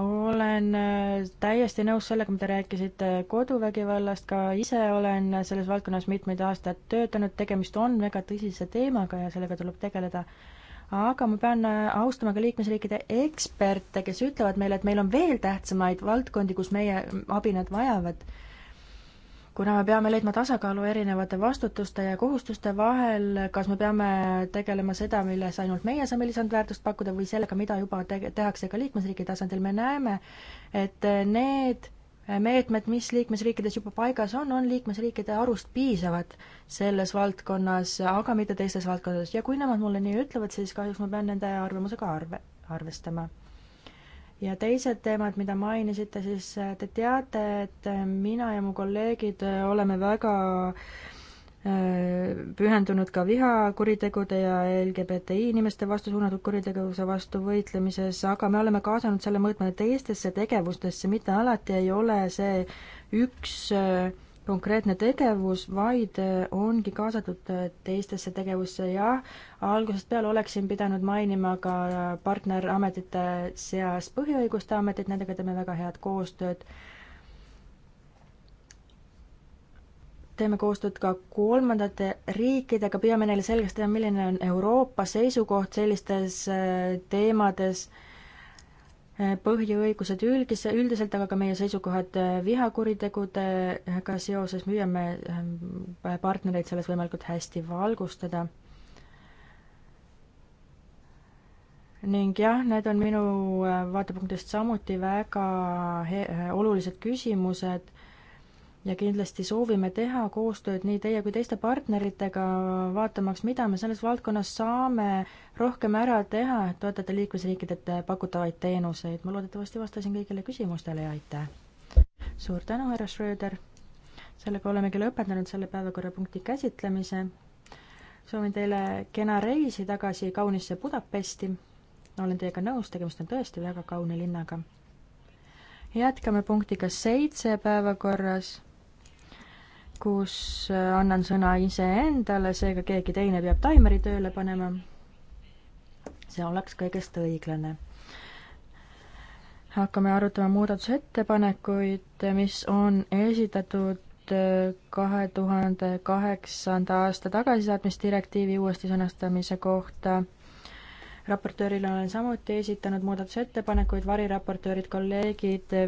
olen äh, täiesti nõus sellega, mida rääkisite äh, koduvägivallast, ka ise olen äh, selles valdkonnas mitmeid aastaid töötanud, tegemist on väga tõsise teemaga ja sellega tuleb tegeleda. aga ma pean austama ka liikmesriikide eksperte, kes ütlevad meile, et meil on veel tähtsamaid valdkondi, kus meie abi nad vajavad kuna me peame leidma tasakaalu erinevate vastutuste ja kohustuste vahel, kas me peame tegelema seda, milles ainult meie saame lisandväärtust pakkuda või sellega, mida juba te-, tehakse ka liikmesriigi tasandil, me näeme, et need meetmed, mis liikmesriikides juba paigas on, on liikmesriikide arust piisavad selles valdkonnas, aga mitte teistes valdkondades ja kui nemad mulle nii ütlevad, siis kahjuks ma pean nende arvamusega arve, arvestama ja teised teemad, mida mainisite, siis äh, te teate, et äh, mina ja mu kolleegid äh, oleme väga pühendunud ka vihakuritegude ja LGBTI inimeste vastu suunatud kuritegevuse vastu võitlemises, aga me oleme kaasanud selle mõõtme teistesse tegevustesse, mitte alati ei ole see üks äh, konkreetne tegevus, vaid äh, ongi kaasatud äh, teistesse tegevusse ja algusest peale oleksin pidanud mainima ka äh, partnerametite seas Põhiõiguste Ametit, nendega teeme väga head koostööd. teeme koostööd ka kolmandate riikidega, püüame neile selgeks teha, milline on Euroopa seisukoht sellistes teemades äh, põhiõigused üldise, üldiselt, aga ka meie seisukohad äh, vihakuritegudega seoses, püüame ähm, partnereid selles võimalikult hästi valgustada. ning jah, need on minu äh, vaatepunktist samuti väga äh, olulised küsimused ja kindlasti soovime teha koostööd nii teie kui teiste partneritega, vaatamaks, mida me selles valdkonnas saame rohkem ära teha, et toetada liikmesriikide pakutavaid teenuseid. ma loodetavasti vastasin kõigile küsimustele ja aitäh! suur tänu, härra Schröder! sellega olemegi lõpetanud selle päevakorrapunkti käsitlemise. soovin teile kena reisi tagasi kaunisse Budapesti. olen teiega nõus, tegemist on tõesti väga kaune linnaga. jätkame punktiga seitse päevakorras kus äh, annan sõna iseendale, seega keegi teine peab taimeri tööle panema. see oleks kõigest õiglane. hakkame arutama muudatusettepanekuid, mis on esitatud äh, kahe tuhande kaheksanda aasta tagasisaatmisdirektiivi uuesti sõnastamise kohta raportöörile olen samuti esitanud muudatusettepanekuid, variraportöörid, kolleegid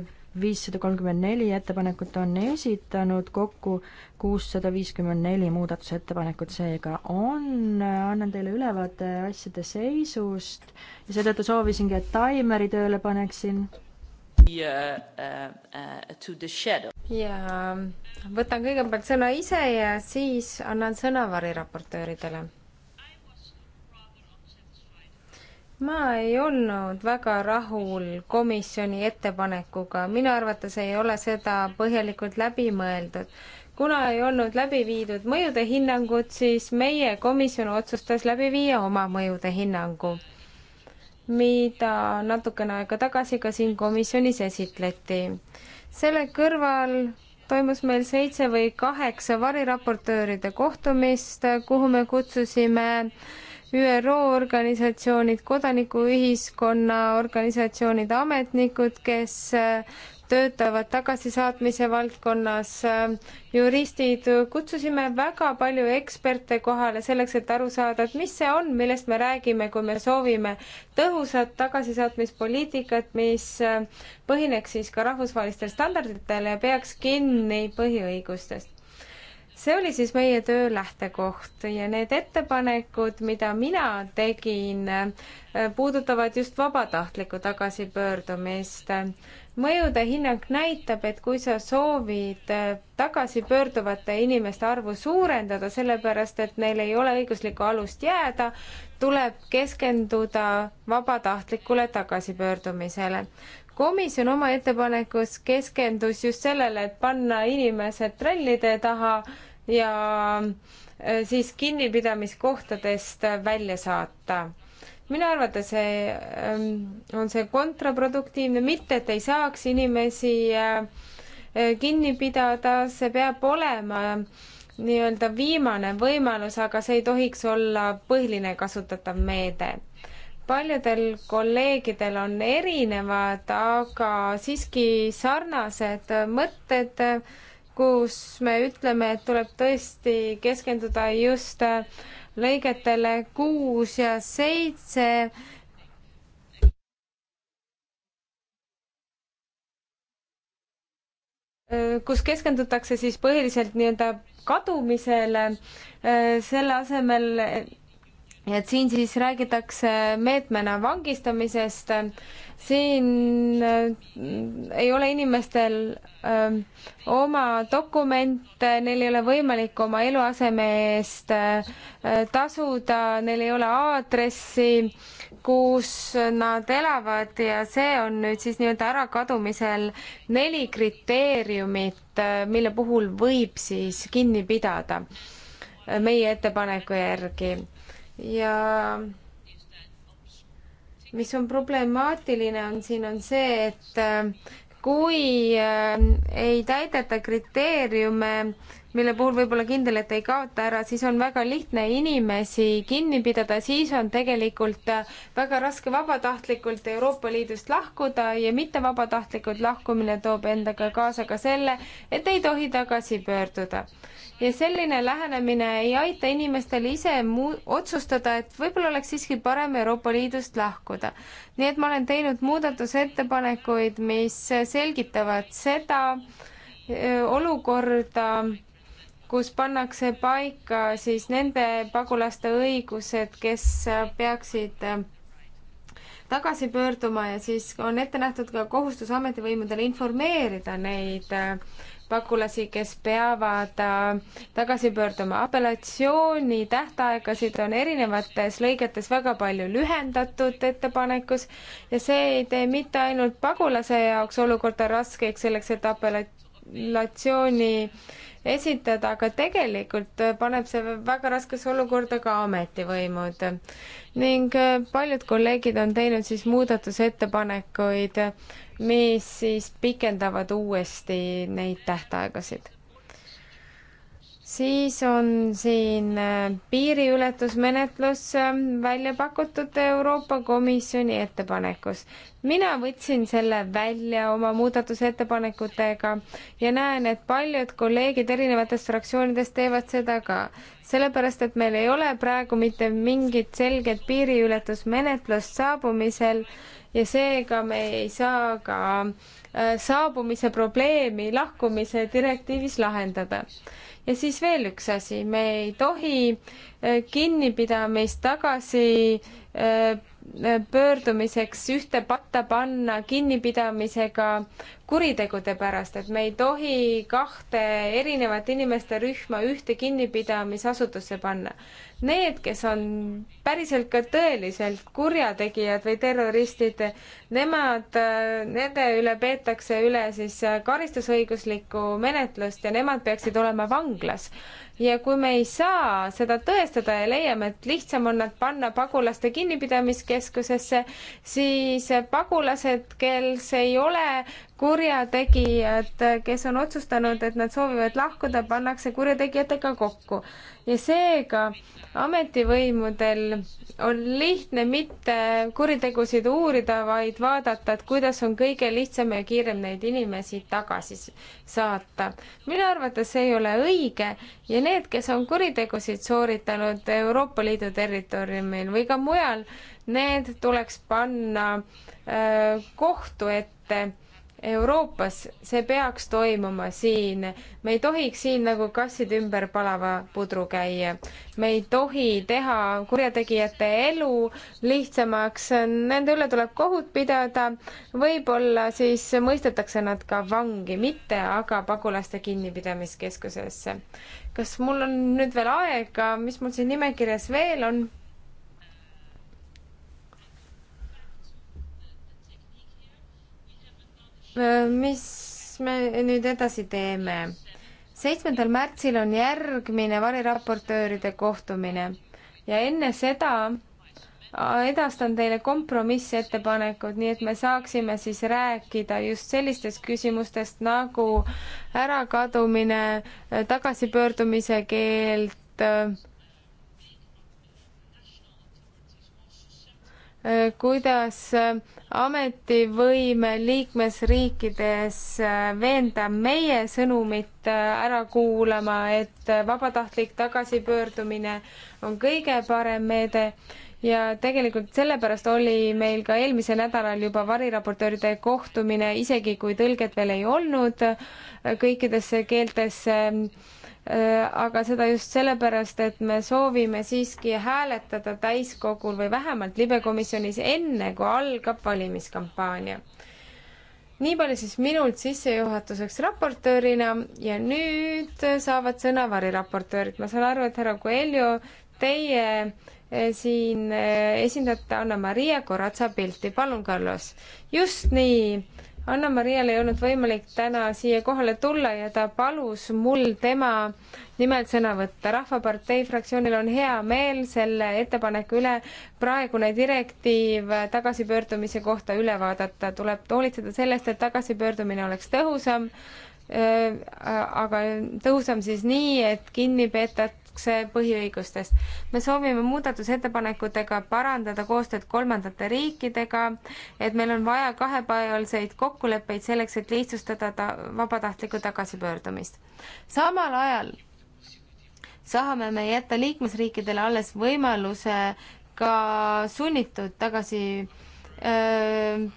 viissada kolmkümmend neli ettepanekut on esitanud, kokku kuussada viiskümmend neli muudatusettepanekut seega on, annan teile ülevaate asjade seisust ja seetõttu soovisingi, et taimeri tööle paneksin. ja äh, äh, võtan kõigepealt sõna ise ja siis annan sõna variraportööridele ma ei olnud väga rahul komisjoni ettepanekuga, minu arvates ei ole seda põhjalikult läbi mõeldud. kuna ei olnud läbi viidud mõjude hinnangut, siis meie komisjon otsustas läbi viia oma mõjude hinnangu, mida natukene aega tagasi ka siin komisjonis esitleti. selle kõrval toimus meil seitse või kaheksa variraportööride kohtumist, kuhu me kutsusime äh, ÜRO organisatsioonid, kodanikuühiskonna organisatsioonid, ametnikud, kes äh, töötavad tagasisaatmise valdkonnas, äh, juristid, kutsusime väga palju eksperte kohale selleks, et aru saada, et mis see on, millest me räägime, kui me soovime tõhusat tagasisaatmispoliitikat, mis äh, põhineks siis ka rahvusvahelistel standarditel ja peaks kinni põhiõigustest see oli siis meie töö lähtekoht ja need ettepanekud, mida mina tegin, äh, puudutavad just vabatahtlikku tagasipöördumist. mõjude hinnang näitab, et kui sa soovid äh, tagasipöörduvate inimeste arvu suurendada, sellepärast et neil ei ole õiguslikku alust jääda, tuleb keskenduda vabatahtlikule tagasipöördumisele komisjon oma ettepanekus keskendus just sellele, et panna inimesed trellide taha ja äh, siis kinnipidamiskohtadest välja saata minu arvates see ähm, on see kontraproduktiivne, mitte et ei saaks inimesi äh, äh, kinni pidada, see peab olema nii-öelda viimane võimalus, aga see ei tohiks olla põhiline kasutatav meede. paljudel kolleegidel on erinevad, aga siiski sarnased mõtted kus me ütleme, et tuleb tõesti keskenduda just äh, lõigetele kuus ja seitse. Äh, kus keskendutakse siis põhiliselt nii-öelda kadumisele, äh, selle asemel ja et siin siis räägitakse meetmena vangistamisest, siin äh, ei ole inimestel öö, äh, oma dokumente, neil ei ole võimalik oma eluaseme eest äh, tasuda, neil ei ole aadressi, kus nad elavad ja see on nüüd siis nii-öelda ärakadumisel neli kriteeriumit, mille puhul võib siis kinni pidada meie ettepaneku järgi ja mis on problemaatiline, on siin, on see, et äh, kui äh, ei täideta kriteeriume, mille puhul võib olla kindel, et ei kaota ära, siis on väga lihtne inimesi kinni pidada, siis on tegelikult väga raske vabatahtlikult Euroopa Liidust lahkuda ja mitte vabatahtlikult lahkumine toob endaga kaasa ka selle, et ei tohi tagasi pöörduda ja selline lähenemine ei aita inimestel ise muu-, otsustada, et võib-olla oleks siiski parem Euroopa Liidust lahkuda. nii et ma olen teinud muudatusettepanekuid, mis selgitavad seda öö, olukorda, kus pannakse paika siis nende pagulaste õigused, kes peaksid äh, tagasi pöörduma ja siis on ette nähtud ka kohustus ametivõimudele informeerida neid äh, pagulasi, kes peavad äh, tagasi pöörduma. apellatsiooni tähtaegasid on erinevates lõigetes väga palju lühendatud ettepanekus ja see ei tee mitte ainult pagulase jaoks olukorda raskeks, selleks et apellatsiooni esitada, aga tegelikult paneb see väga raskesse olukorda ka ametivõimud. ning äh, paljud kolleegid on teinud siis muudatusettepanekuid, mis siis pikendavad uuesti neid tähtaegasid siis on siin äh, piiriületusmenetlus ähm, välja pakutud Euroopa Komisjoni ettepanekus. mina võtsin selle välja oma muudatusettepanekutega ja näen, et paljud kolleegid erinevatest fraktsioonidest teevad seda ka. sellepärast, et meil ei ole praegu mitte mingit selget piiriületusmenetlust saabumisel ja seega me ei saa ka äh, saabumise probleemi lahkumise direktiivis lahendada ja siis veel üks asi, me ei tohi äh, kinnipidamist tagasi äh, pöördumiseks ühte patta panna kinnipidamisega kuritegude pärast, et me ei tohi kahte erinevat inimeste rühma ühte kinnipidamisasutusse panna. Need, kes on päriselt ka tõeliselt kurjategijad või terroristid, nemad, nende üle peetakse üle siis karistusõiguslikku menetlust ja nemad peaksid olema vanglas. ja kui me ei saa seda tõestada ja leiame, et lihtsam on nad panna pagulaste kinnipidamiskeskusesse, siis pagulased, kes ei ole kurjategijad, kes on otsustanud, et nad soovivad lahkuda, pannakse kurjategijatega kokku. ja seega ametivõimudel on lihtne mitte kuritegusid uurida, vaid vaadata, et kuidas on kõige lihtsam ja kiirem neid inimesi tagasi saata. minu arvates see ei ole õige ja need, kes on kuritegusid sooritanud Euroopa Liidu territooriumil või ka mujal, need tuleks panna öö, äh, kohtu ette Euroopas, see peaks toimuma siin. me ei tohiks siin nagu kassid ümber palava pudru käia. me ei tohi teha kurjategijate elu lihtsamaks, nende üle tuleb kohut pidada, võib-olla siis mõistetakse nad ka vangi, mitte aga pagulaste kinnipidamiskeskusesse. kas mul on nüüd veel aega, mis mul siin nimekirjas veel on? Äh, mis me nüüd edasi teeme? seitsmendal märtsil on järgmine variraportööride kohtumine ja enne seda äh, edastan teile kompromissettepanekud, nii et me saaksime siis rääkida just sellistest küsimustest nagu ärakadumine, äh, tagasipöördumise keeld, Äh, kuidas äh, ametivõime liikmesriikides äh, veenda meie sõnumit ära kuulama, et vabatahtlik tagasipöördumine on kõige parem meede ja tegelikult sellepärast oli meil ka eelmisel nädalal juba variraportööride kohtumine, isegi kui tõlget veel ei olnud kõikidesse keeltesse Äh, aga seda just sellepärast, et me soovime siiski hääletada täiskogul või vähemalt libekomisjonis enne, kui algab valimiskampaania. nii palju siis minult sissejuhatuseks raportöörina ja nüüd saavad sõna variraportöörid. ma saan aru, et härra Coelho, teie äh, siin äh, esindate Anna-Maria Koratsa pilti. palun, Carlos. just nii Anna-Marial ei olnud võimalik täna siia kohale tulla ja ta palus mul tema nimelt sõna võtta. rahvapartei fraktsioonil on hea meel selle ettepaneku üle. praegune direktiiv tagasipöördumise kohta üle vaadata, tuleb hoolitseda sellest, et tagasipöördumine oleks tõhusam, äh, aga tõhusam siis nii, et kinnipeetajad kaitse põhiõigustest. me soovime muudatusettepanekutega parandada koostööd kolmandate riikidega, et meil on vaja kahepoolseid kokkuleppeid selleks, et lihtsustada ta vabatahtlikku tagasipöördumist. samal ajal saame me jätta liikmesriikidele alles võimaluse ka sunnitud tagasi öö,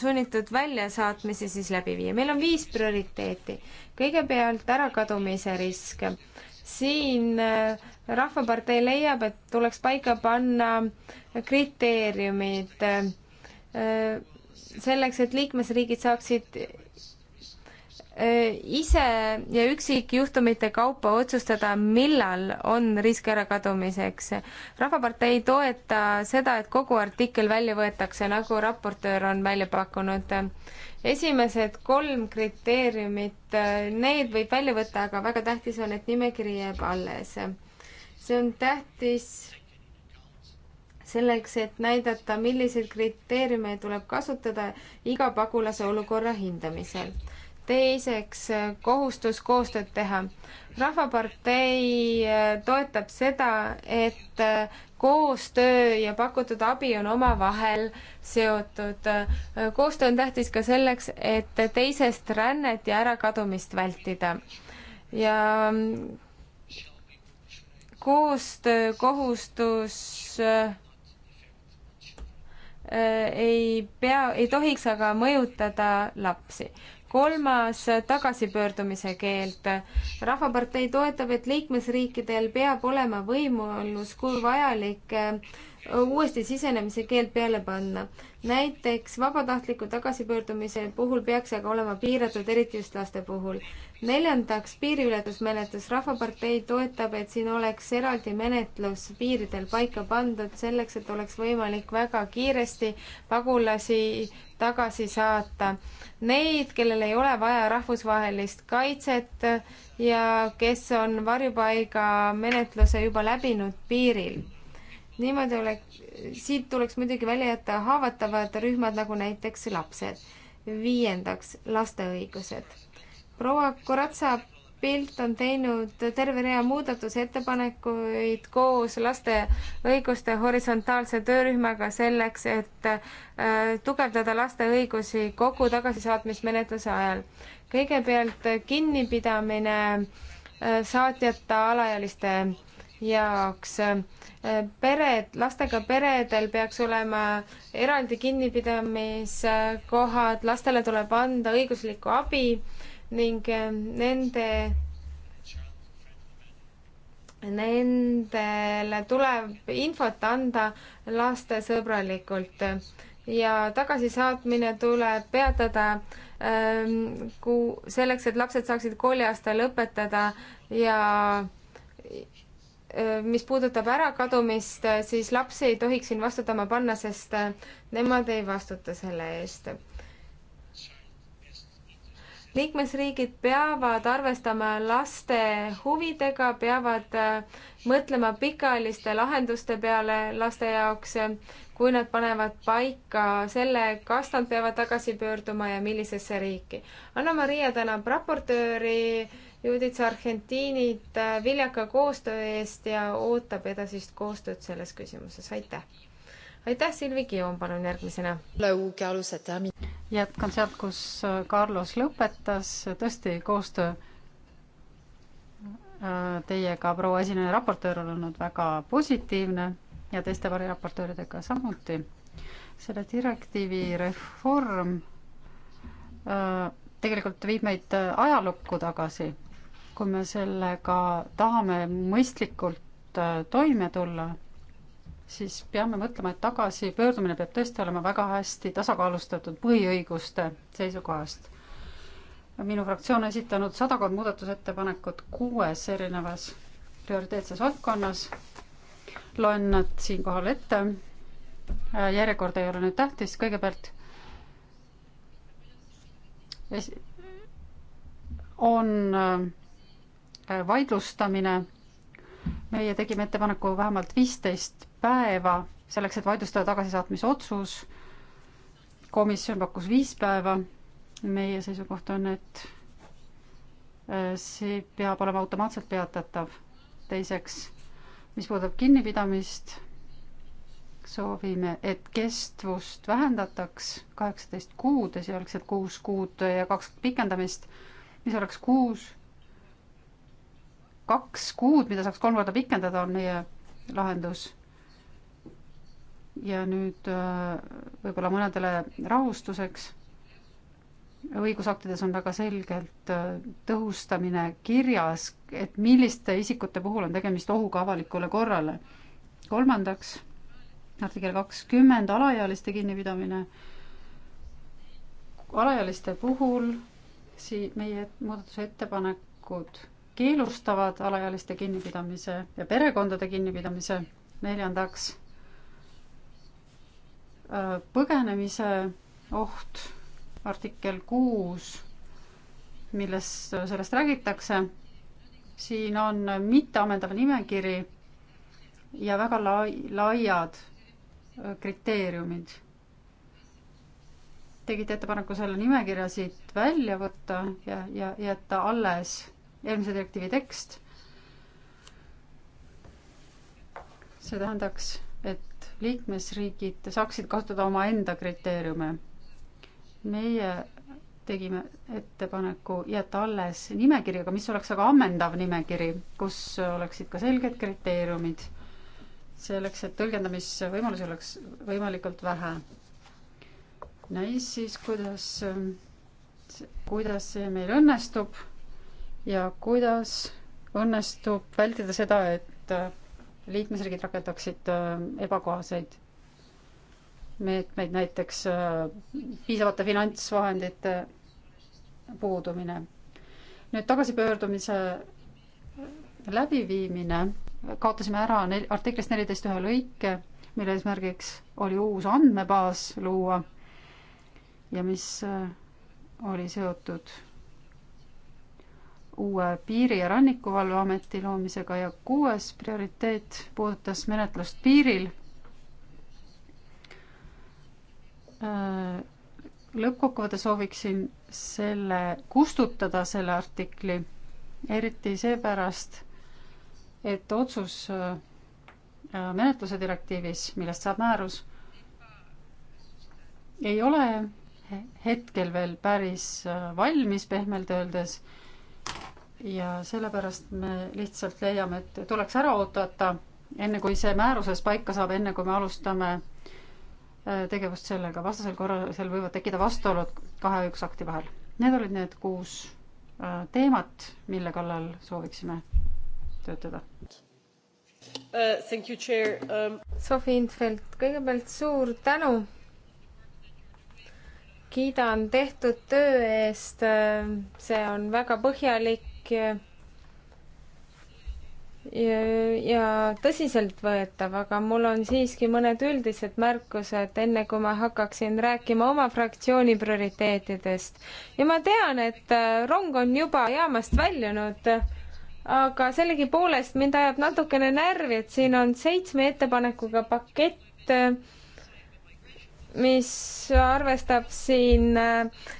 sunnitud väljasaatmisi siis läbi viia. meil on viis prioriteeti. kõigepealt ärakadumise risk siin äh, Rahvapartei leiab, et tuleks paika panna kriteeriumid äh, selleks, et liikmesriigid saaksid Äh, ise ja üksikjuhtumite kaupa otsustada, millal on risk ärakadumiseks. rahvapartei ei toeta seda, et kogu artikkel välja võetakse, nagu raportöör on välja pakkunud. esimesed kolm kriteeriumit, äh, need võib välja võtta, aga väga tähtis on, et nimekiri jääb alles. see on tähtis selleks, et näidata, milliseid kriteeriume tuleb kasutada iga pagulase olukorra hindamisel teiseks äh, kohustus koostööd teha. rahvapartei äh, toetab seda, et äh, koostöö ja pakutud abi on omavahel seotud. koostöö on tähtis ka selleks, et teisest rännet ja ärakadumist vältida. ja mm, koostöö kohustus ei pea, ei tohiks aga mõjutada lapsi kolmas, tagasipöördumise keeld. rahvapartei toetab, et liikmesriikidel peab olema võimalus, kui vajalik, uuesti sisenemise keeld peale panna. näiteks vabatahtliku tagasipöördumise puhul peaks see aga olema piiratud, eriti just laste puhul. neljandaks, piiriületusmenetlus. rahvapartei toetab, et siin oleks eraldi menetlus piiridel paika pandud selleks, et oleks võimalik väga kiiresti pagulasi tagasi saata. Neid, kellel ei ole vaja rahvusvahelist kaitset ja kes on varjupaiga menetluse juba läbinud piiril niimoodi oleks, siit tuleks muidugi välja jätta haavatavad rühmad, nagu näiteks lapsed. viiendaks, laste õigused. proua Koratsa Pilt on teinud terve rea muudatusettepanekuid koos laste õiguste horisontaalse töörühmaga selleks, et äh, tugevdada laste õigusi kogu tagasisaatmismenetluse ajal. kõigepealt kinnipidamine äh, saatjata alaealiste jaoks. pered, lastega peredel peaks olema eraldi kinnipidamiskohad, lastele tuleb anda õiguslikku abi ning nende, nendele tuleb infot anda lastesõbralikult ja tagasisaatmine tuleb peatada ähm, ku-, selleks, et lapsed saaksid kooliaasta lõpetada ja mis puudutab ärakadumist, siis lapsi ei tohiks siin vastutama panna, sest äh, nemad ei vastuta selle eest. liikmesriigid peavad arvestama laste huvidega, peavad äh, mõtlema pikaajaliste lahenduste peale laste jaoks, kui nad panevad paika selle, kas nad peavad tagasi pöörduma ja millisesse riiki. Anna-Maria tänab raportööri Judits Argentiinit äh, viljaka koostöö eest ja ootab edasist koostööd selles küsimuses, aitäh! aitäh, Silvi Kion, palun järgmisena. jätkan sealt, kus äh, Carlos lõpetas, tõesti koostöö äh, teiega, proua esimene raportöör on olnud väga positiivne ja teiste variraportööridega samuti. selle direktiivi reform tegelikult viib meid ajalukku tagasi kui me sellega tahame mõistlikult äh, toime tulla, siis peame mõtlema, et tagasipöördumine peab tõesti olema väga hästi tasakaalustatud põhiõiguste seisukohast. minu fraktsioon on esitanud sadakond muudatusettepanekut kuues erinevas prioriteetses valdkonnas. loen nad siinkohal ette. Äh, järjekord ei ole nüüd tähtis, kõigepealt es-, on äh, Äh, vaidlustamine. meie tegime ettepaneku vähemalt viisteist päeva selleks, et vaidlustada tagasisaatmise otsus. komisjon pakkus viis päeva. meie seisukoht on, et äh, see peab olema automaatselt peatatav. teiseks, mis puudutab kinnipidamist, soovime, et kestvust vähendataks kaheksateist kuud, esialgselt kuus kuud ja kaks pikendamist, mis oleks kuus kaks kuud, mida saaks kolm korda pikendada, on meie lahendus. ja nüüd äh, võib-olla mõnedele rahustuseks. õigusaktides on väga selgelt äh, tõhustamine kirjas, et milliste isikute puhul on tegemist ohuga avalikule korrale. kolmandaks, artikkel kakskümmend, alaealiste kinnipidamine. alaealiste puhul sii-, meie muudatusettepanekud keelustavad alaealiste kinnipidamise ja perekondade kinnipidamise. neljandaks, äh, põgenemise oht, artikkel kuus, milles sellest räägitakse. siin on mitteammendav nimekiri ja väga lai, laiad äh, kriteeriumid. tegite ettepaneku selle nimekirja siit välja võtta ja, ja jätta alles eelmise direktiivi tekst. see tähendaks, et liikmesriigid saaksid kasutada omaenda kriteeriume. meie tegime ettepaneku jätta alles nimekiri, aga mis oleks väga ammendav nimekiri, kus oleksid ka selged kriteeriumid selleks, et tõlgendamisvõimalusi oleks võimalikult vähe. näis siis, kuidas, kuidas see meil õnnestub ja kuidas õnnestub vältida seda, et äh, liikmesriigid rakendaksid äh, ebakohaseid meetmeid, näiteks äh, piisavate finantsvahendite puudumine. nüüd tagasipöördumise läbiviimine, kaotasime ära nel-, artiklist neliteist ühe lõike, mille eesmärgiks oli uus andmebaas luua ja mis oli seotud uue Piiri- ja Rannikuvalveameti loomisega ja kuues prioriteet puudutas menetlust piiril. Äh, lõppkokkuvõttes sooviksin selle, kustutada selle artikli, eriti seepärast, et otsus äh, menetluse direktiivis, millest saab määrus, ei ole hetkel veel päris äh, valmis, pehmelt öeldes ja sellepärast me lihtsalt leiame, et tuleks ära oodata, enne kui see määruses paika saab, enne kui me alustame äh, tegevust sellega, vastasel korral seal võivad tekkida vastuolud kahe õigusakti vahel. Need olid need kuus äh, teemat, mille kallal sooviksime töötada uh,. Um... Sofi Infeld, kõigepealt suur tänu kiidan tehtud töö eest, see on väga põhjalik ja, ja tõsiseltvõetav, aga mul on siiski mõned üldised märkused, enne kui ma hakkaksin rääkima oma fraktsiooni prioriteetidest. ja ma tean, et äh, rong on juba jaamast väljunud, aga sellegipoolest mind ajab natukene närvi, et siin on seitsme ettepanekuga pakett mis arvestab siin äh,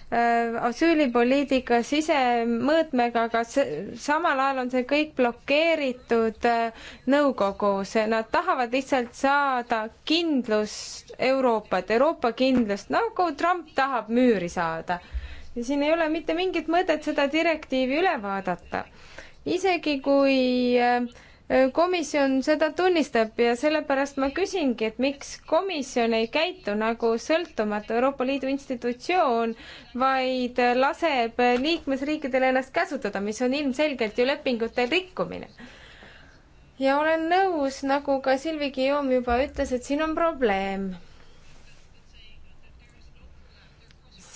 asüülipoliitika sisemõõtmega, aga samal ajal on see kõik blokeeritud äh, nõukogus. Nad tahavad lihtsalt saada kindlust Euroopat, Euroopa kindlust, nagu Trump tahab müüri saada. ja siin ei ole mitte mingit mõtet seda direktiivi üle vaadata. isegi kui äh, komisjon seda tunnistab ja sellepärast ma küsingi, et miks komisjon ei käitu nagu sõltumatu Euroopa Liidu institutsioon, vaid laseb liikmesriikidel ennast käsutada, mis on ilmselgelt ju lepingute rikkumine. ja olen nõus, nagu ka Silvi Guillaume juba ütles, et siin on probleem.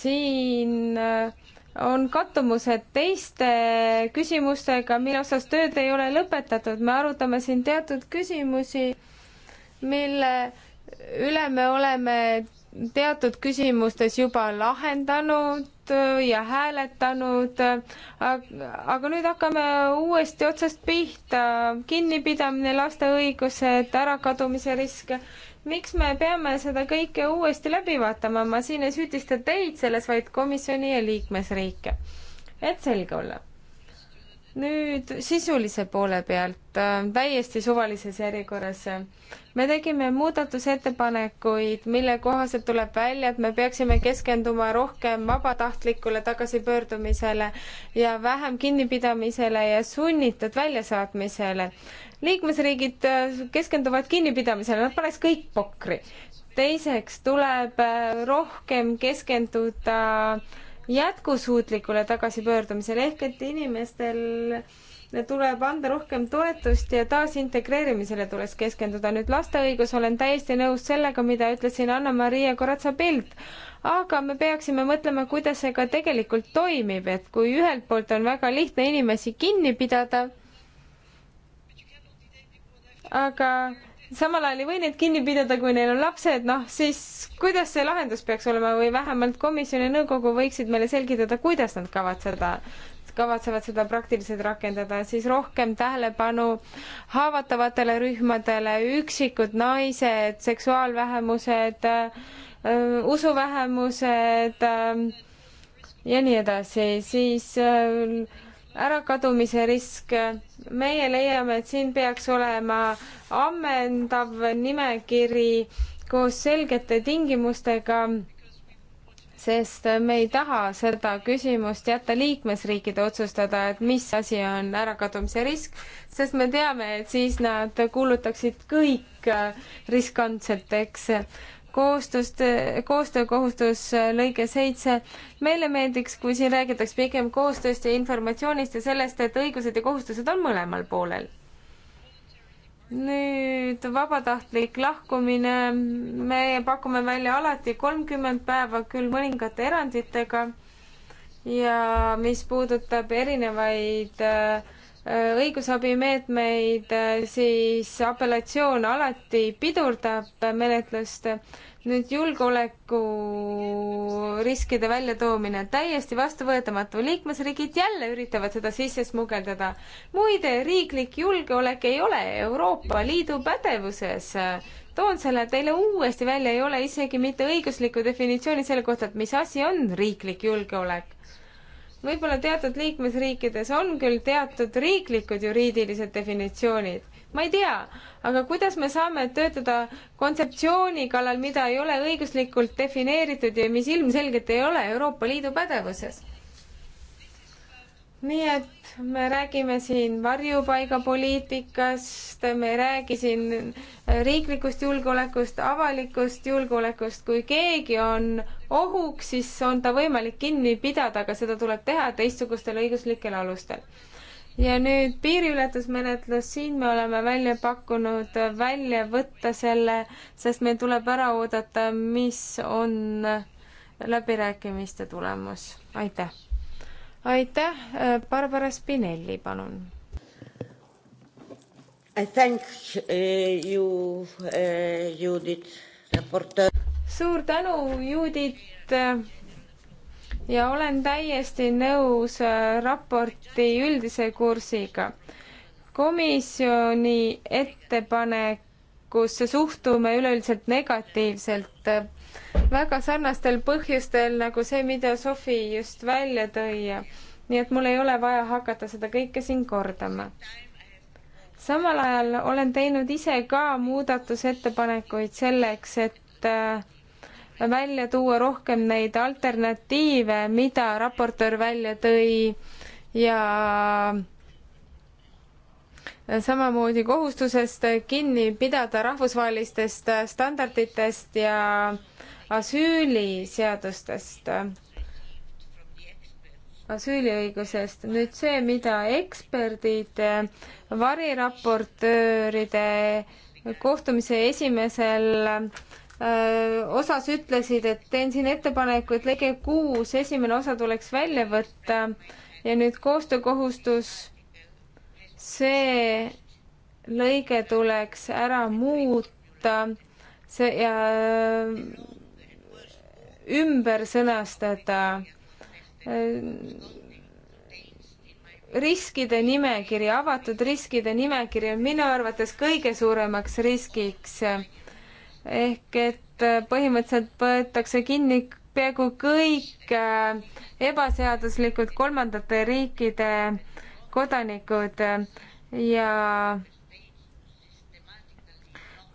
siin äh, on kattumused teiste küsimustega, mille osas tööd ei ole lõpetatud, me arutame siin teatud küsimusi, mille üle me oleme teatud küsimustes juba lahendanud ja hääletanud, aga nüüd hakkame uuesti otsast pihta, kinnipidamine, laste õigused, ärakadumise risk miks me peame seda kõike uuesti läbi vaatama, ma siin ei süüdista teid selles, vaid komisjoni ja liikmesriike. et selge olla nüüd sisulise poole pealt äh,, täiesti suvalises järjekorras. me tegime muudatusettepanekuid, mille kohaselt tuleb välja, et me peaksime keskenduma rohkem vabatahtlikule tagasipöördumisele ja vähem kinnipidamisele ja sunnitud väljasaatmisele. liikmesriigid äh, keskenduvad kinnipidamisele, nad paneks kõik pokri. teiseks tuleb äh, rohkem keskenduda äh, jätkusuutlikule tagasipöördumisele ehk et inimestel tuleb anda rohkem toetust ja taasintegreerimisele tuleks keskenduda. nüüd laste õigus, olen täiesti nõus sellega, mida ütles siin Anna-Maria Koratsa-Pilt, aga me peaksime mõtlema, kuidas see ka tegelikult toimib, et kui ühelt poolt on väga lihtne inimesi kinni pidada, aga samal ajal ei või neid kinni pidada, kui neil on lapsed, noh siis kuidas see lahendus peaks olema või vähemalt komisjon ja nõukogu võiksid meile selgitada, kuidas nad kavatseda, kavatsevad seda praktiliselt rakendada, siis rohkem tähelepanu haavatavatele rühmadele, üksikud naised, seksuaalvähemused äh,, usuvähemused äh, ja nii edasi, siis äh, ärakadumise risk. meie leiame, et siin peaks olema ammendav nimekiri koos selgete tingimustega, sest me ei taha seda küsimust jätta liikmesriikide otsustada, et mis asi on ärakadumise risk, sest me teame, et siis nad kuulutaksid kõik riskantseteks koostust, koostöökohustus äh, lõige seitse. meile meeldiks, kui siin räägitaks pigem koostööst ja informatsioonist ja sellest, et õigused ja kohustused on mõlemal poolel. nüüd vabatahtlik lahkumine, me pakume välja alati kolmkümmend päeva, küll mõningate eranditega ja mis puudutab erinevaid äh, õigusabimeetmeid, äh, siis apellatsioon alati pidurdab menetlust. nüüd julgeolekuriskide väljatoomine, täiesti vastuvõetamatu. liikmesriigid jälle üritavad seda sisse smugeldada. muide, riiklik julgeolek ei ole Euroopa Liidu pädevuses toon selle teile uuesti välja, ei ole isegi mitte õiguslikku definitsiooni selle kohta, et mis asi on riiklik julgeolek võib-olla teatud liikmesriikides on küll teatud riiklikud juriidilised definitsioonid, ma ei tea, aga kuidas me saame töötada kontseptsiooni kallal, mida ei ole õiguslikult defineeritud ja mis ilmselgelt ei ole Euroopa Liidu pädevuses? nii et me räägime siin varjupaigapoliitikast, me ei räägi siin riiklikust julgeolekust, avalikust julgeolekust, kui keegi on ohuks, siis on ta võimalik kinni pidada, aga seda tuleb teha teistsugustel õiguslikel alustel. ja nüüd piiriületusmenetlus, siin me oleme välja pakkunud välja võtta selle, sest meil tuleb ära oodata, mis on läbirääkimiste tulemus. aitäh! aitäh, äh, Barbara Spinelli, palun. I thank uh, you, uh, Judith, raportöör. suur tänu, Judith ja olen täiesti nõus äh, raporti üldise kursiga. komisjoni ettepanekusse suhtume üleüldiselt negatiivselt äh, väga sarnastel põhjustel nagu see, mida Sofi just välja tõi. nii et mul ei ole vaja hakata seda kõike siin kordama. samal ajal olen teinud ise ka muudatusettepanekuid selleks, et äh, välja tuua rohkem neid alternatiive, mida raportöör välja tõi ja samamoodi kohustusest kinni pidada rahvusvahelistest standarditest ja asüüliseadustest, asüüliõigusest. nüüd see, mida eksperdid variraportööride kohtumise esimesel osas ütlesid, et teen siin ettepaneku, et lõige kuus esimene osa tuleks välja võtta ja nüüd koostöökohustus see lõige tuleks ära muuta see ja äh, ümber sõnastada riskide nimekiri, avatud riskide nimekiri on minu arvates kõige suuremaks riskiks. ehk et põhimõtteliselt võetakse kinni peaaegu kõik äh, ebaseaduslikud kolmandate riikide äh, kodanikud ja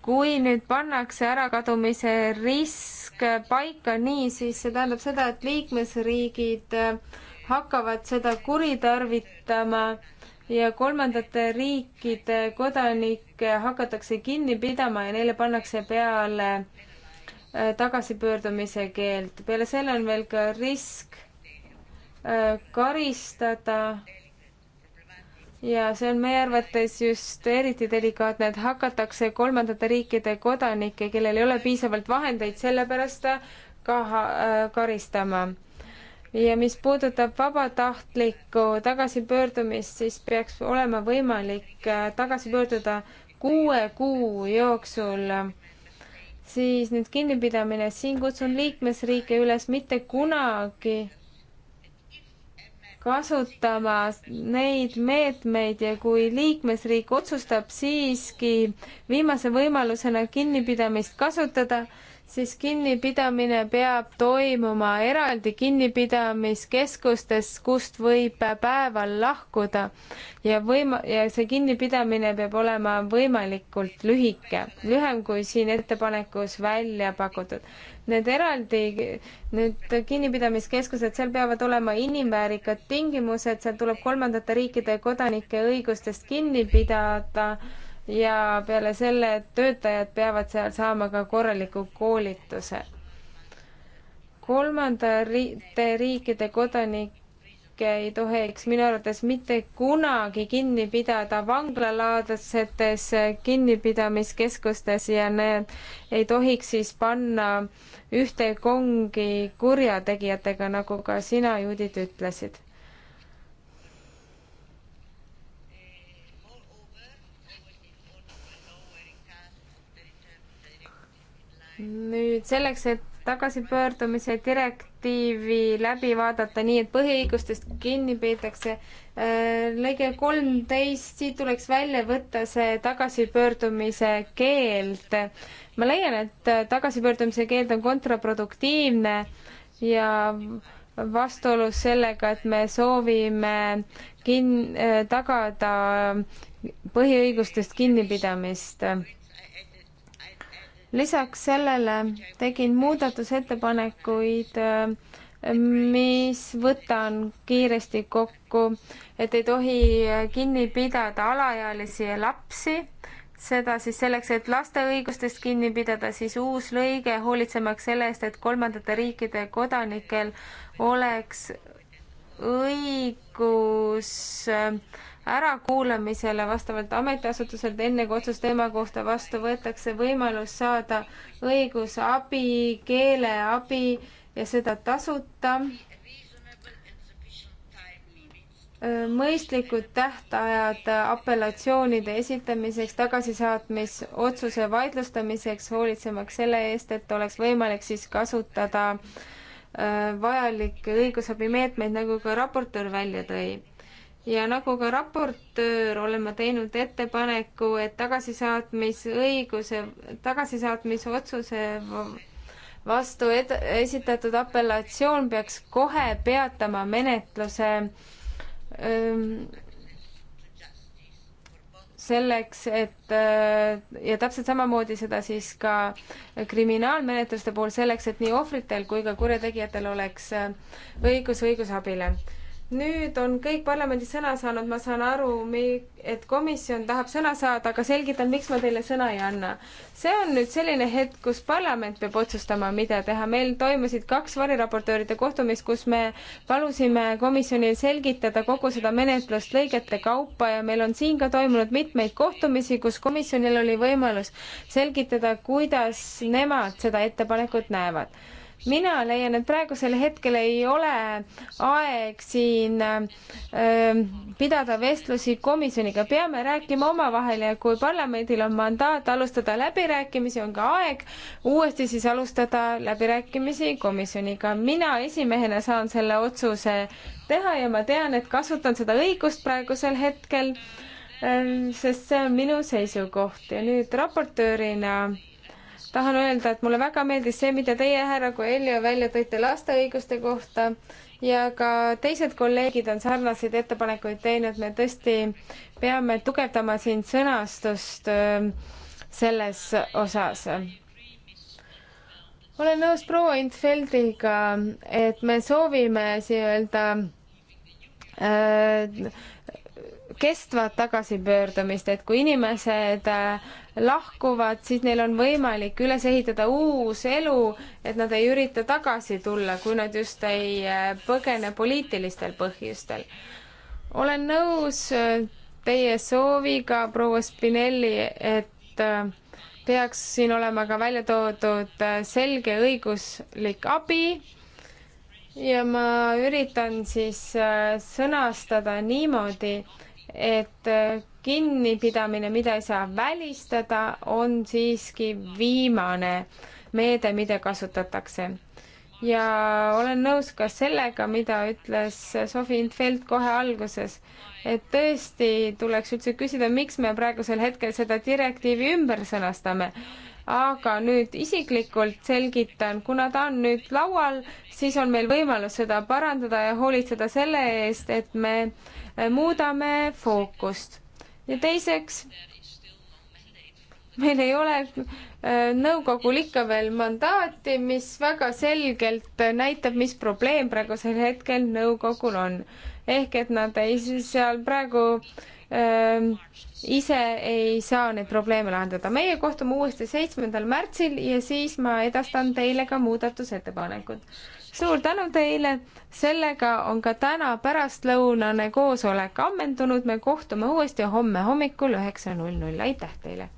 kui nüüd pannakse ärakadumise risk paika nii, siis see tähendab seda, et liikmesriigid hakkavad seda kuritarvitama ja kolmandate riikide kodanikke hakatakse kinni pidama ja neile pannakse peale äh, tagasipöördumise keeld. peale selle on veel ka risk äh, karistada ja see on meie arvates just eriti delikaatne, et hakatakse kolmandate riikide kodanikke, kellel ei ole piisavalt vahendeid, sellepärast ka äh, karistama. ja mis puudutab vabatahtlikku tagasipöördumist, siis peaks olema võimalik äh, tagasi pöörduda kuue kuu jooksul siis nüüd kinnipidamine, siin kutsun liikmesriike üles mitte kunagi kasutama neid meetmeid ja kui liikmesriik otsustab siiski viimase võimalusena kinnipidamist kasutada, siis kinnipidamine peab toimuma eraldi kinnipidamiskeskustes, kust võib päeval lahkuda ja võima- ja see kinnipidamine peab olema võimalikult lühike, lühem kui siin ettepanekus välja pakutud. Need eraldi, need kinnipidamiskeskused, seal peavad olema inimväärikad tingimused, seal tuleb kolmandate riikide kodanike õigustest kinni pidada ja peale selle töötajad peavad seal saama ka korraliku koolituse. kolmandate riikide kodanikke ei tohiks minu arvates mitte kunagi kinni pidada vanglalaadsetes kinnipidamiskeskustes ja need ei tohiks siis panna ühte kongi kurjategijatega, nagu ka sina, Judith, ütlesid nüüd selleks, et tagasipöördumise direktiivi läbi vaadata nii, et põhiõigustest kinni peetakse. Äh, lõige kolmteist, siit tuleks välja võtta see tagasipöördumise keeld. ma leian, et äh, tagasipöördumise keeld on kontraproduktiivne ja vastuolus sellega, et me soovime kin-, äh, tagada põhiõigustest kinnipidamist lisaks sellele tegin muudatusettepanekuid, äh, mis võtan kiiresti kokku, et ei tohi kinni pidada alaealisi ja lapsi seda siis selleks, et laste õigustest kinni pidada, siis uus lõige hoolitsemaks selle eest, et kolmandate riikide kodanikel oleks õigus äh, ärakuulamisele vastavalt ametiasutuselt, enne kui otsus teema kohta vastu võetakse, võimalus saada õigusabi, keeleabi ja seda tasuta. mõistlikud tähtajad apellatsioonide esitamiseks, tagasisaatmisotsuse vaidlustamiseks, hoolitsemaks selle eest, et oleks võimalik siis kasutada äh, vajalikke õigusabimeetmeid, nagu ka raportöör välja tõi ja nagu ka raportöör olen ma teinud ettepaneku, et tagasisaatmisõiguse, tagasisaatmisotsuse vastu ed-, esitatud apellatsioon peaks kohe peatama menetluse öö, ähm, selleks, et äh, ja täpselt samamoodi seda siis ka kriminaalmenetluste puhul selleks, et nii ohvritel kui ka kurjategijatel oleks äh, õigus õigusabile nüüd on kõik parlamendis sõna saanud, ma saan aru, et komisjon tahab sõna saada, aga selgitan, miks ma teile sõna ei anna. see on nüüd selline hetk, kus parlament peab otsustama, mida teha. meil toimusid kaks variraportööride kohtumist, kus me palusime komisjonil selgitada kogu seda menetlust lõigete kaupa ja meil on siin ka toimunud mitmeid kohtumisi, kus komisjonil oli võimalus selgitada, kuidas nemad seda ettepanekut näevad mina leian, et praegusel hetkel ei ole aeg siin öö, ähm, pidada vestlusi komisjoniga, peame rääkima omavahel ja kui parlamendil on mandaat alustada läbirääkimisi, on ka aeg uuesti siis alustada läbirääkimisi komisjoniga. mina esimehena saan selle otsuse teha ja ma tean, et kasutan seda õigust praegusel hetkel, ähm, sest see on minu seisukoht ja nüüd raportöörina tahan öelda, et mulle väga meeldis see, mida teie, härra Coelho, välja tõite laste õiguste kohta ja ka teised kolleegid on sarnaseid ettepanekuid teinud, me tõesti peame tugevdama siin sõnastust äh, selles osas. olen nõus proua Intfeldiga, et me soovime nii-öelda kestvat tagasipöördumist, et kui inimesed äh, lahkuvad, siis neil on võimalik üles ehitada uus elu, et nad ei ürita tagasi tulla, kui nad just ei äh, põgene poliitilistel põhjustel. olen nõus äh, teie sooviga, proua Spinelli, et peaks siin olema ka välja toodud selge õiguslik abi ja ma üritan siis sõnastada niimoodi, et äh, kinnipidamine, mida ei saa välistada, on siiski viimane meede, mida kasutatakse. ja olen nõus ka sellega, mida ütles Sofi Intfeld kohe alguses, et tõesti tuleks üldse küsida, miks me praegusel hetkel seda direktiivi ümber sõnastame aga nüüd isiklikult selgitan, kuna ta on nüüd laual, siis on meil võimalus seda parandada ja hoolitseda selle eest, et me eh, muudame fookust. ja teiseks, meil ei ole eh, nõukogul ikka veel mandaati, mis väga selgelt näitab, mis probleem praegusel hetkel nõukogul on. ehk et nad ei, seal praegu äh, ise ei saa neid probleeme lahendada. meie kohtume uuesti seitsmendal märtsil ja siis ma edastan teile ka muudatusettepanekud. suur tänu teile, sellega on ka täna pärastlõunane koosolek ammendunud, me kohtume uuesti homme hommikul üheksa null null, aitäh teile!